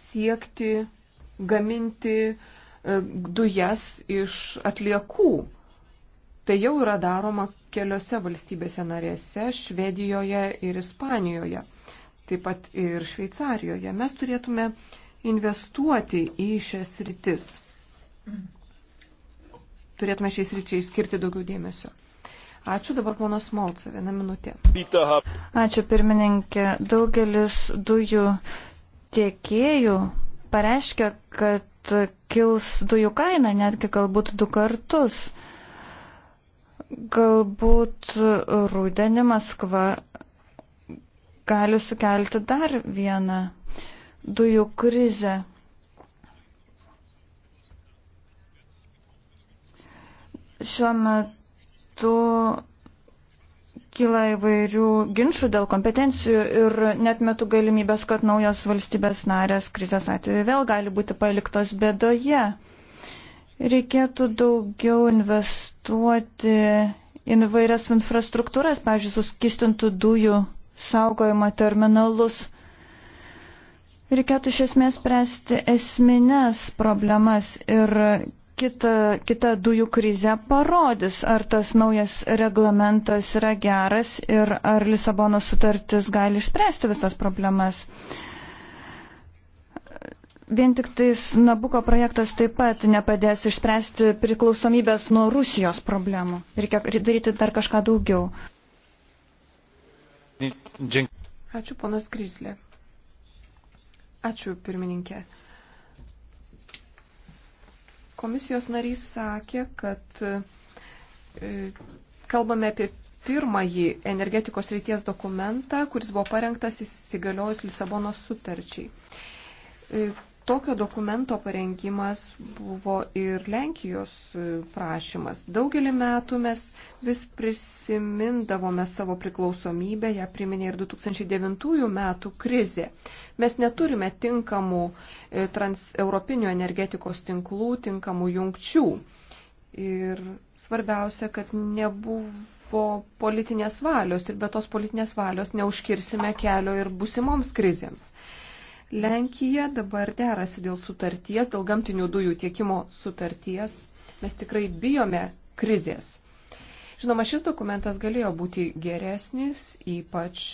siekti gaminti e, dujas iš atliekų. Tai jau yra daroma keliose valstybėse narėse - Švedijoje ir Ispanijoje, taip pat ir Šveicarijoje. Mes turėtume investuoti į šias rytis. Turėtume šiais ryčiais skirti daugiau dėmesio. Ačiū dabar ponas Malca, vieną minutę. Ačiū pirmininkė. Daugelis dujų tiekėjų pareiškia, kad kils dujų kaina netgi galbūt du kartus. Galbūt rūdienį Maskva gali sukelti dar vieną dujų krizę. Šiuo metu kyla įvairių ginčių dėl kompetencijų ir net metu galimybės, kad naujos valstybės narės krizės atveju vėl gali būti paliktos bėdoje. Reikėtų daugiau investuoti į vairias infrastruktūras, pavyzdžiui, suskistintų dujų saugojimo terminalus. Reikėtų iš esmės spręsti esminės problemas ir kita, kita dujų krizė parodys, ar tas naujas reglamentas yra geras ir ar Lisabono sutartis gali išspręsti visas problemas. Uh, Vien tik tais Nabuko projektas taip pat nepadės išspręsti priklausomybės nuo Rusijos problemų. Reikia daryti dar kažką daugiau. Ačiū, ponas Gryslė. Ačiū, pirmininkė. Komisijos narys sakė, kad e, kalbame apie pirmąjį energetikos ryties dokumentą, kuris buvo parengtas įsigaliojus Lisabonos sutarčiai. E, Tokio dokumento parengimas buvo ir Lenkijos e, prašymas. Daugelį metų mes vis prisimindavome savo priklausomybę, ją priminė ir 2009 metų krizė. Mes neturime tinkamų e, transeuropinių energetikos tinklų, tinkamų jungčių. Ir svarbiausia, kad nebuvo politinės valios ir be tos politinės valios neužkirsime kelio ir busimoms krizėms. Lenkija dabar derasi dėl sutarties, dėl gamtinių dujų tiekimo sutarties. Mes tikrai bijome krizės. Žinoma, šis dokumentas galėjo būti geresnis, ypač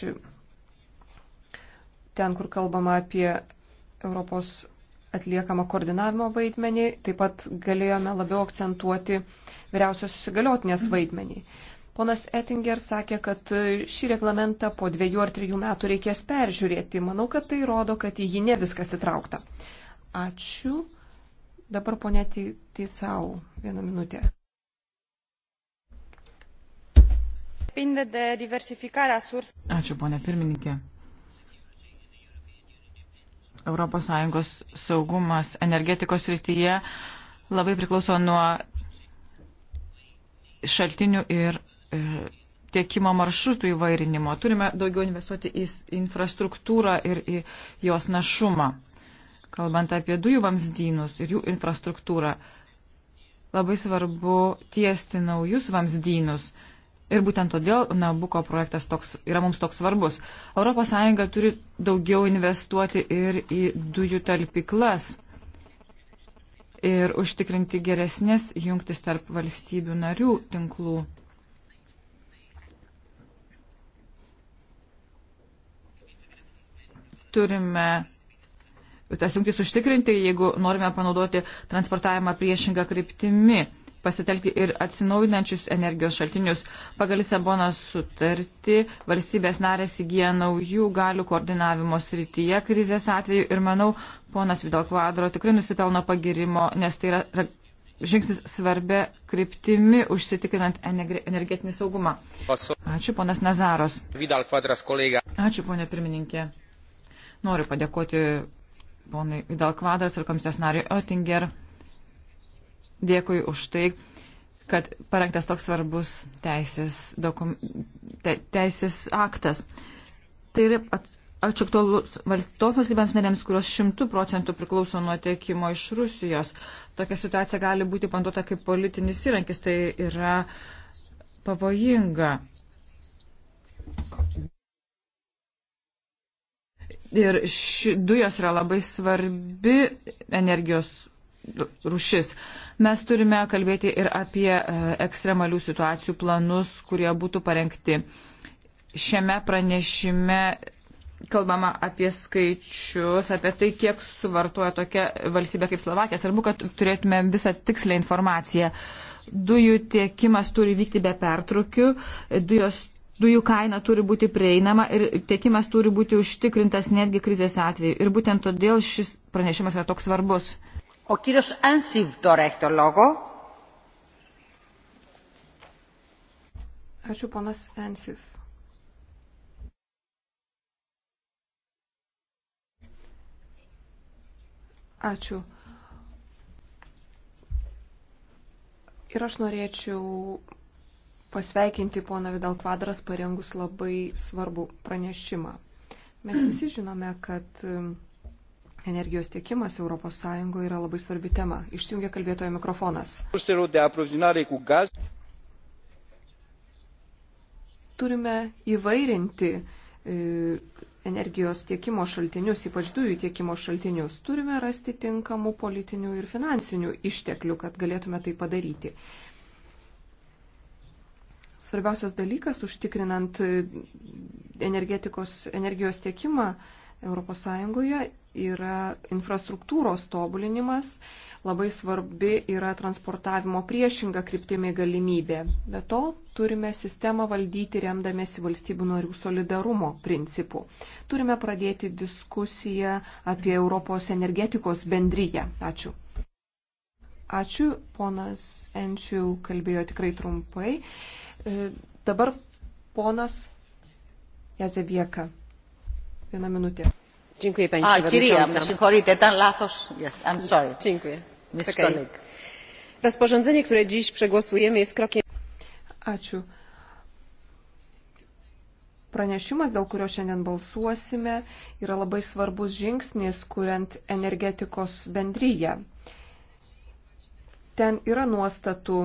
ten, kur kalbama apie Europos atliekamą koordinavimo vaidmenį, taip pat galėjome labiau akcentuoti vyriausios susigaliotinės vaidmenį. Mhm. Ponas Ettinger sakė, kad e, šį reglamentą po dviejų ar trijų metų reikės peržiūrėti. Manau, kad tai rodo, kad į jį ne viskas įtraukta. Ačiū. Dabar ponė Ticau, vieną minutę. Ačiū, ponė pirmininkė. ES saugumas energetikos rytyje labai priklauso nuo šaltinių ir E, tiekimo maršrutų įvairinimo. Turime daugiau investuoti į infrastruktūrą ir į jos našumą. Kalbant apie dujų vamzdynus ir jų infrastruktūrą, labai svarbu tiesti naujus vamzdynus. Ir būtent todėl Nabuko projektas toks, yra mums toks svarbus. ES turi daugiau investuoti ir į dujų talpiklas ir užtikrinti geresnės jungtis tarp valstybių narių tinklų. turime tas jungtis užtikrinti, jeigu norime panaudoti transportavimą priešingą kryptimi, pasitelkti ir atsinaujinančius energijos šaltinius. Pagal Lisabonos sutartį valstybės narės įgyja naujų galių koordinavimo srityje krizės atveju ir manau, ponas Vidal Kvadro tikrai nusipelno pagirimo, nes tai yra žingsnis svarbia kryptimi užsitikrinant energetinį saugumą. Ačiū, ponas Nazaros. Vidal Kvadras kolega. Ačiū, ponė pirmininkė. Noriu padėkoti ponui Vidalkvadas ir komisijos nariui Oettinger. Dėkui už tai, kad parengtas toks svarbus teisės, dokum, te, teisės aktas. Tai yra atšaktuolus toms valstybėms narėms, kurios šimtų procentų priklauso nuo tiekimo iš Rusijos. Tokia situacija gali būti panduota kaip politinis įrankis, tai yra pavojinga. Ir ši, dujos yra labai svarbi energijos rušis. Mes turime kalbėti ir apie e, ekstremalių situacijų planus, kurie būtų parengti. Šiame pranešime kalbama apie skaičius, apie tai, kiek suvartoja tokia valstybė kaip Slovakija. Svarbu, kad turėtume visą tikslę informaciją. Dujų tiekimas turi vykti be pertraukių, dujos dujų kaina turi būti prieinama ir tiekimas turi būti užtikrintas netgi krizės atveju. Ir būtent todėl šis pranešimas yra toks svarbus. O kyrios Ansiv tora έχει το λόγο. Ačiū, ponas Ansiv. Ačiū. Ir aš norėčiau pasveikinti poną Vidal Kvadras parengus labai svarbų pranešimą. Mes visi žinome, kad um, energijos tiekimas ES yra labai svarbi tema. Išsijungia kalbėtojo mikrofonas. Turime įvairinti e, energijos tiekimo šaltinius, ypač dujų tiekimo šaltinius, turime rasti tinkamų politinių ir finansinių išteklių, kad galėtume tai padaryti svarbiausias dalykas užtikrinant energetikos, energijos tiekimą ES yra infrastruktūros tobulinimas, labai svarbi yra transportavimo priešinga kryptimi galimybė. Be to, turime sistemą valdyti remdamėsi valstybių narių solidarumo principų. Turime pradėti diskusiją apie Europos energetikos bendryją. Ačiū. Ačiū, ponas Enčių kalbėjo tikrai trumpai. E, dabar ponas Jazevieka. Viena minutė. Dziękuję Pani A, Przewodnicząca. Sygorite, ten lafos. Yes, I'm sorry. Dziękuję. Miss okay. colleague. Rozporządzenie, które dziś przegłosujemy jest krokiem... Ačiū. Pranešimas, dėl kurio šiandien balsuosime, yra labai svarbus žingsnis, kuriant energetikos bendryje. Ten yra nuostatų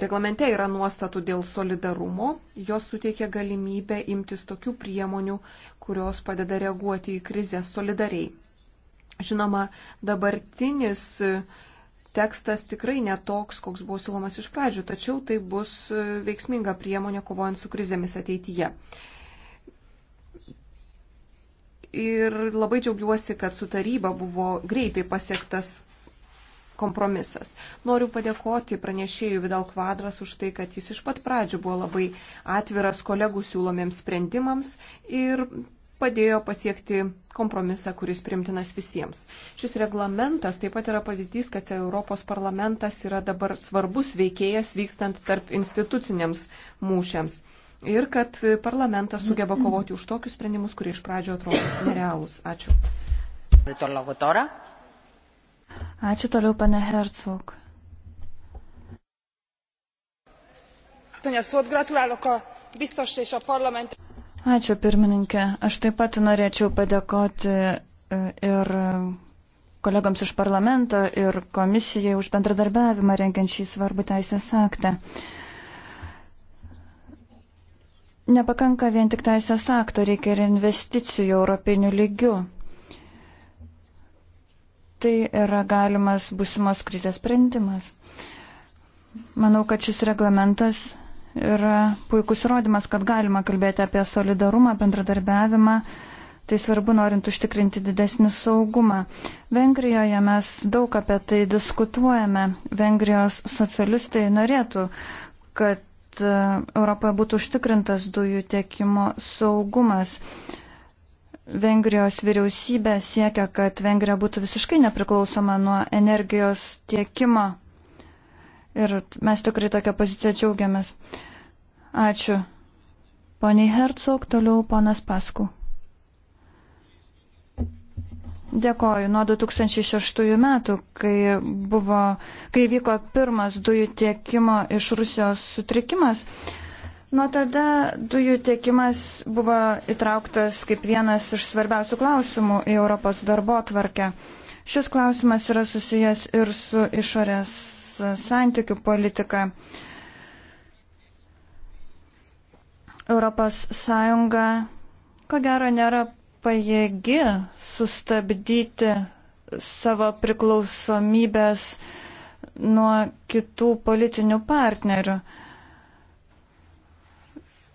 reglamente yra nuostatų dėl solidarumo, jos suteikia galimybę imtis tokių priemonių, kurios padeda reaguoti į krizę solidariai. Žinoma, dabartinis e, tekstas tikrai netoks, koks buvo siūlomas iš pradžių, tačiau tai bus e, veiksminga priemonė kovojant su krizėmis ateityje. Ir labai džiaugiuosi, kad su taryba buvo greitai pasiektas kompromisas. Noriu padėkoti pranešėjų Vidal Kvadras už tai, kad jis iš pat pradžių buvo labai atviras kolegų siūlomiems sprendimams ir padėjo pasiekti kompromisą, kuris primtinas visiems. Šis reglamentas taip pat yra pavyzdys, kad Europos parlamentas yra dabar svarbus veikėjas vykstant tarp instituciniams mūšiams. Ir kad parlamentas sugeba kovoti už tokius sprendimus, kurie iš pradžio atrodo nerealūs. Ačiū. Ačiū toliau, pane Hercog. Ačiū pirmininkė. Aš taip pat norėčiau padėkoti e, ir kolegoms iš parlamento ir komisijai už bendradarbiavimą rengiant šį svarbų teisės aktą. Nepakanka vien tik teisės akto, reikia ir investicijų europinių lygių tai yra galimas busimos krizės sprendimas. Manau, kad šis reglamentas yra puikus įrodymas, kad galima kalbėti apie solidarumą, bendradarbiavimą. Tai svarbu norint užtikrinti didesnį saugumą. Vengrijoje mes daug apie tai diskutuojame. Vengrijos socialistai norėtų, kad e, Europoje būtų užtikrintas dujų tiekimo saugumas. Vengrijos vyriausybė siekia, kad Vengrija būtų visiškai nepriklausoma nuo energijos tiekimo. Ir mes tikrai tokią poziciją džiaugiamės. Ačiū. Poniai Hercog, toliau ponas Paskų. Dėkoju. Nuo 2006 metų, kai, buvo, kai vyko pirmas dujų tiekimo iš Rusijos sutrikimas, Nuo tada dujų tiekimas buvo įtrauktas kaip vienas iš svarbiausių klausimų į Europos darbo tvarkę. Šis klausimas yra susijęs ir su išorės santykių politika. Europos Sąjunga, ko gero, nėra pajėgi sustabdyti savo priklausomybės nuo kitų politinių partnerių.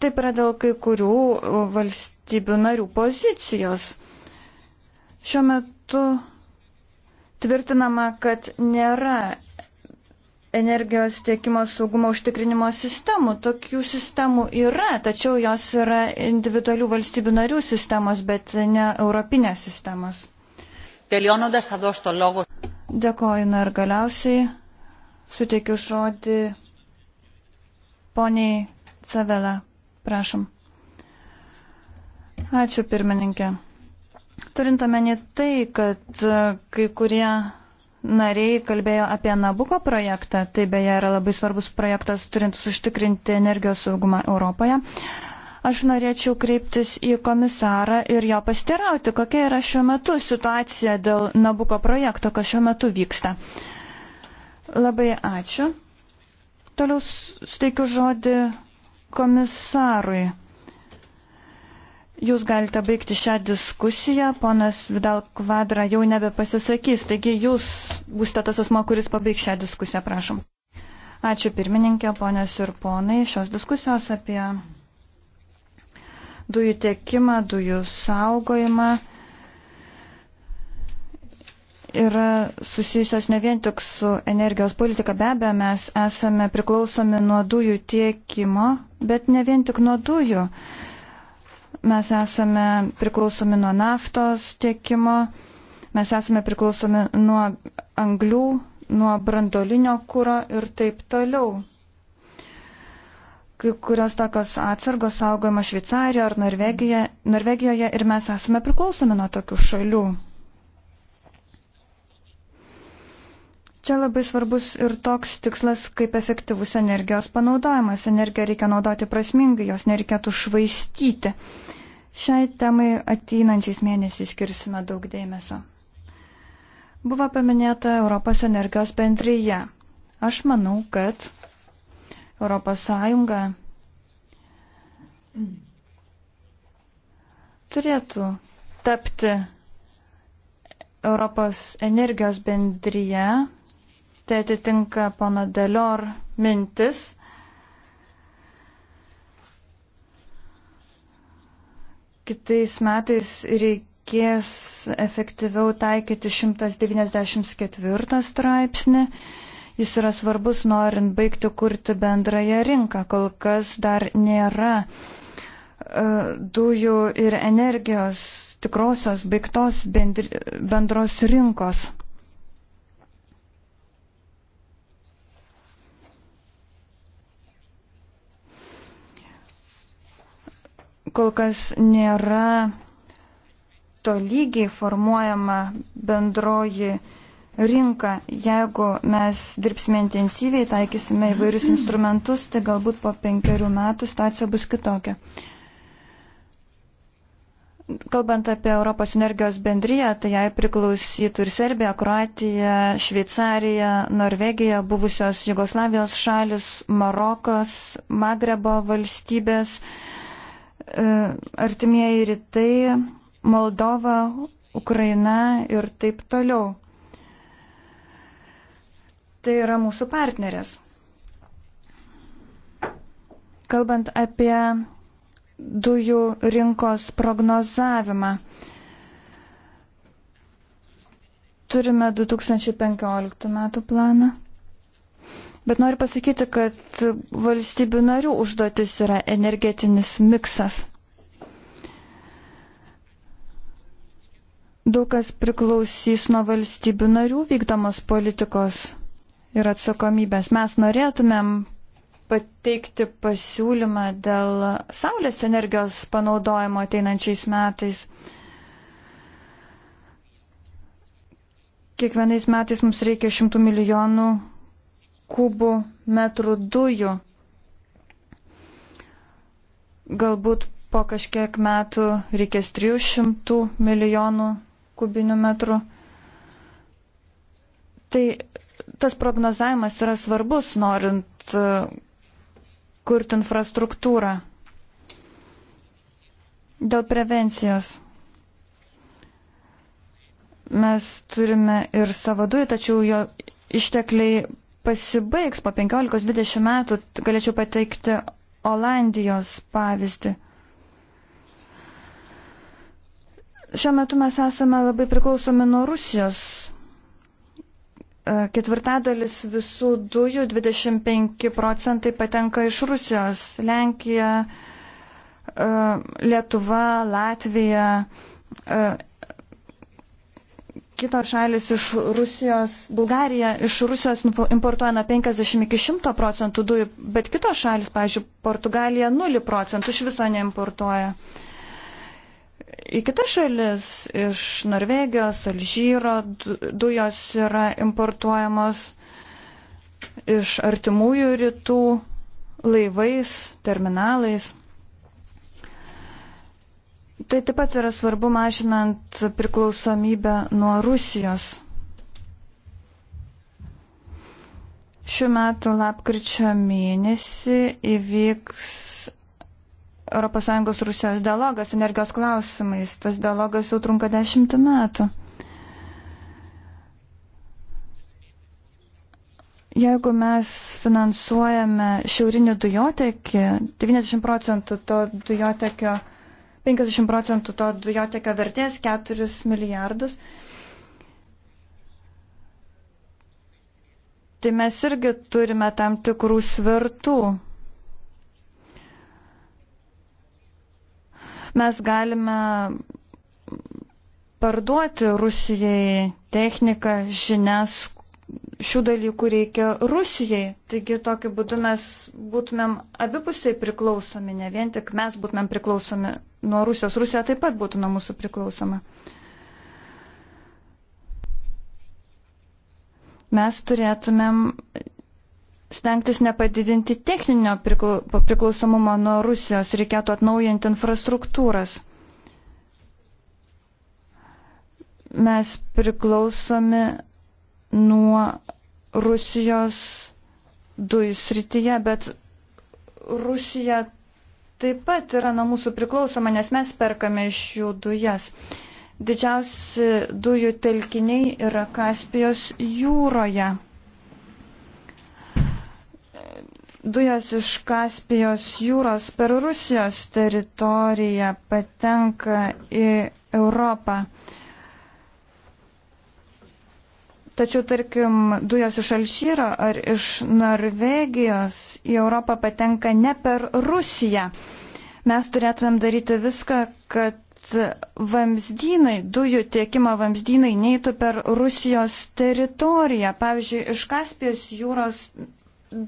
Taip yra dėl kai kurių uh, valstybių narių pozicijos. Šiuo metu tvirtinama, kad nėra energijos tiekimo saugumo užtikrinimo sistemų. Tokių sistemų yra, tačiau jos yra individualių valstybių narių sistemos, bet ne europinės sistemos. Dėkoju ir galiausiai suteikiu žodį poniai Cavela. Prašom. Ačiū pirmininkė. Turint omeny tai, kad e, kai kurie nariai kalbėjo apie Nabuko projektą, tai beje yra labai svarbus projektas turint užtikrinti energijos saugumą Europoje. Aš norėčiau kreiptis į komisarą ir jo pastirauti, kokia yra šiuo metu situacija dėl Nabuko projekto, kas šiuo metu vyksta. Labai ačiū. Toliau suteikiu žodį komisarui. Jūs galite baigti šią diskusiją, ponas Vidal Kvadra jau nebepasisakys, taigi jūs būsite tas asmo, kuris pabaigs šią diskusiją, prašom. Ačiū pirmininkė, ponės ir ponai. Šios diskusijos apie dujų tiekimą, dujų saugojimą yra susijusios ne vien tik su energijos politika. Be abejo, mes esame priklausomi nuo dujų tiekimo, bet ne vien tik nuo dujų. Mes esame priklausomi nuo naftos tiekimo, mes esame priklausomi nuo anglių, nuo brandolinio kūro ir taip toliau. Kai kurios tokios atsargos saugojama Šveicarijoje ar Norvegijoje, Norvegijoje ir mes esame priklausomi nuo tokių šalių. Čia labai svarbus ir toks tikslas kaip efektyvus energijos panaudojimas. Energiją reikia naudoti prasmingai, jos nereikėtų švaistyti. Šiai temai ateinančiais mėnesiais skirsime daug dėmesio. Buvo paminėta Europos energijos bendryje. Aš manau, kad Europos Sąjunga turėtų tapti Europos energijos bendryje tai atitinka pono Delior mintis. Kitais metais reikės efektyviau taikyti 194 straipsnį. Jis yra svarbus, norint baigti kurti bendrąją rinką. Kol kas dar nėra e, dujų ir energijos tikrosios baigtos bendros rinkos. kol kas nėra tolygiai formuojama bendroji rinka. Jeigu mes dirbsime intensyviai, taikysime įvairius instrumentus, tai galbūt po penkerių metų situacija bus kitokia. Kalbant apie Europos energijos bendryją, tai jai priklausytų ir Serbija, Kroatija, Šveicarija, Norvegija, buvusios Jugoslavijos šalis, Marokas, Magrebo valstybės. Uh, E, artimieji rytai, Moldova, Ukraina ir taip toliau. Tai yra mūsų partnerės. Kalbant apie dujų rinkos prognozavimą, turime 2015 metų planą. Bet noriu pasakyti, kad valstybių narių užduotis yra energetinis miksas. Daug kas priklausys nuo valstybių narių vykdomos politikos ir atsakomybės. Mes norėtumėm pateikti pasiūlymą dėl saulės energijos panaudojimo ateinančiais metais. Kiekvienais metais mums reikia šimtų milijonų kubų metrų dujų. Galbūt po kažkiek metų reikės 300 milijonų kubinių metrų. Tai tas prognozavimas yra svarbus, norint e, kurti infrastruktūrą. Dėl prevencijos. Mes turime ir savo dujų, tačiau jo ištekliai pasibaigs po 15-20 metų, galėčiau pateikti Olandijos pavyzdį. Šiuo metu mes esame labai priklausomi nuo Rusijos. E, ketvirtadalis visų dujų, 25 procentai patenka iš Rusijos. Lenkija, e, Lietuva, Latvija, e, kitos šalis iš Rusijos, Bulgarija iš Rusijos importuoja nuo 50 iki 100 procentų dujų, bet kitos šalis, pažiūrėjau, Portugalija 0 procentų iš viso neimportuoja. Į kitas šalis iš Norvegijos, Alžyro dujos yra importuojamos iš artimųjų rytų laivais, terminalais. Tai taip pat yra svarbu mažinant priklausomybę nuo Rusijos. Šiuo metu lapkričio mėnesį įvyks ES Rusijos dialogas energijos klausimais. Tas dialogas jau trunka dešimtį metų. Jeigu mes finansuojame šiaurinį dujotekį, 90 procentų to dujotekio 50 procentų to dujotekio vertės 4 milijardus. Tai mes irgi turime tam tikrų svertų. Mes galime parduoti Rusijai techniką, žinias, šių dalykų reikia Rusijai. Taigi tokiu būdu mes būtumėm abipusiai priklausomi, ne vien tik mes būtumėm priklausomi nuo Rusijos. Rusija taip pat būtų nuo mūsų priklausoma. Mes turėtumėm stengtis nepadidinti techninio priklausomumo nuo Rusijos, reikėtų atnaujinti infrastruktūras. Mes priklausomi nuo Rusijos dujų srityje, bet Rusija taip pat yra nuo mūsų priklausoma, nes mes perkame iš jų dujas. Didžiausi dujų telkiniai yra Kaspijos jūroje. Dujos iš Kaspijos jūros per Rusijos teritoriją patenka į Europą. Tačiau, tarkim, dujos iš Alšyro ar iš Norvegijos į Europą patenka ne per Rusiją. Mes turėtumėm daryti viską, kad vamzdynai, dujų tiekimo vamzdynai neitų per Rusijos teritoriją. Pavyzdžiui, iš Kaspijos jūros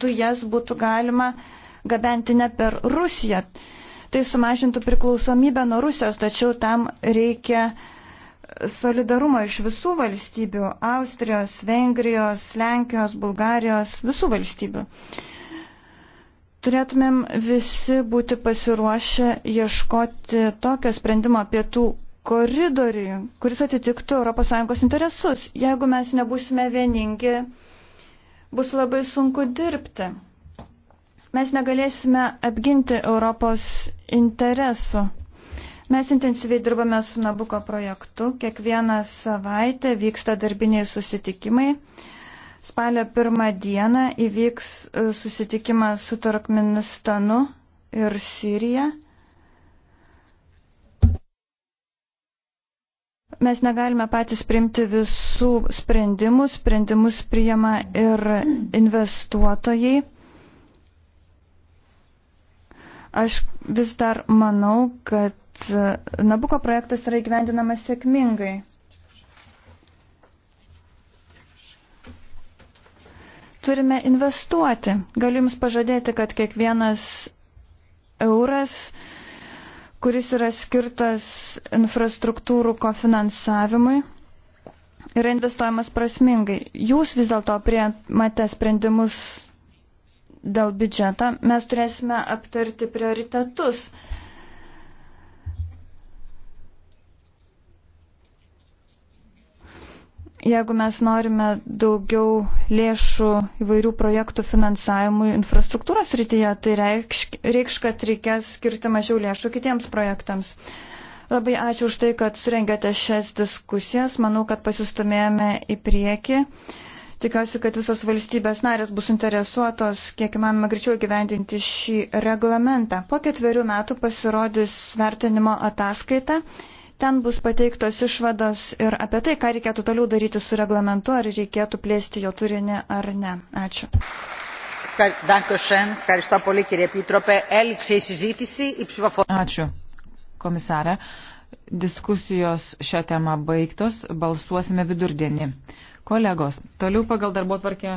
dujas būtų galima gabenti ne per Rusiją. Tai sumažintų priklausomybę nuo Rusijos, tačiau tam reikia uh, solidarumo iš visų valstybių - Austrijos, Vengrijos, Lenkijos, Bulgarijos, visų valstybių. Turėtumėm visi būti pasiruošę ieškoti tokio sprendimo pietų koridoriui, kuris atitiktų ES interesus. Jeigu mes nebusime vieningi, bus labai sunku dirbti. Mes negalėsime apginti Europos interesų. Mes intensyviai dirbame su Nabuko projektu. Kiekvieną savaitę vyksta darbiniai susitikimai. Spalio pirmą dieną įvyks e, susitikimas su Turkmenistanu ir Sirija. mes negalime patys priimti visų sprendimų, sprendimus priima ir investuotojai. Aš vis dar manau, kad Nabuko projektas yra įgyvendinamas sėkmingai. Turime investuoti. Galiu Jums pažadėti, kad kiekvienas euras, kuris yra skirtas infrastruktūrų kofinansavimui, yra investuojamas prasmingai. Jūs vis dėlto priemate sprendimus dėl biudžeto, mes turėsime aptarti prioritetus Jeigu mes norime daugiau lėšų įvairių projektų finansavimui infrastruktūros rytyje, tai reikš, reikš, kad reikės skirti mažiau lėšų kitiems projektams. Labai ačiū už tai, kad surengėte šias diskusijas. Manau, kad pasistumėjome į priekį. Tikiuosi, kad visos valstybės narės bus interesuotos, kiek įmanoma greičiau gyvendinti šį reglamentą. Po ketverių metų pasirodys vertinimo ataskaita Ten bus pateiktos išvados ir apie tai, ką reikėtų toliau daryti su reglamentu, ar reikėtų plėsti jo turinį ar ne. Ačiū. Ačiū, komisarė. Diskusijos šią temą baigtos, balsuosime vidurdienį. Kolegos, toliau pagal darbo tvarkę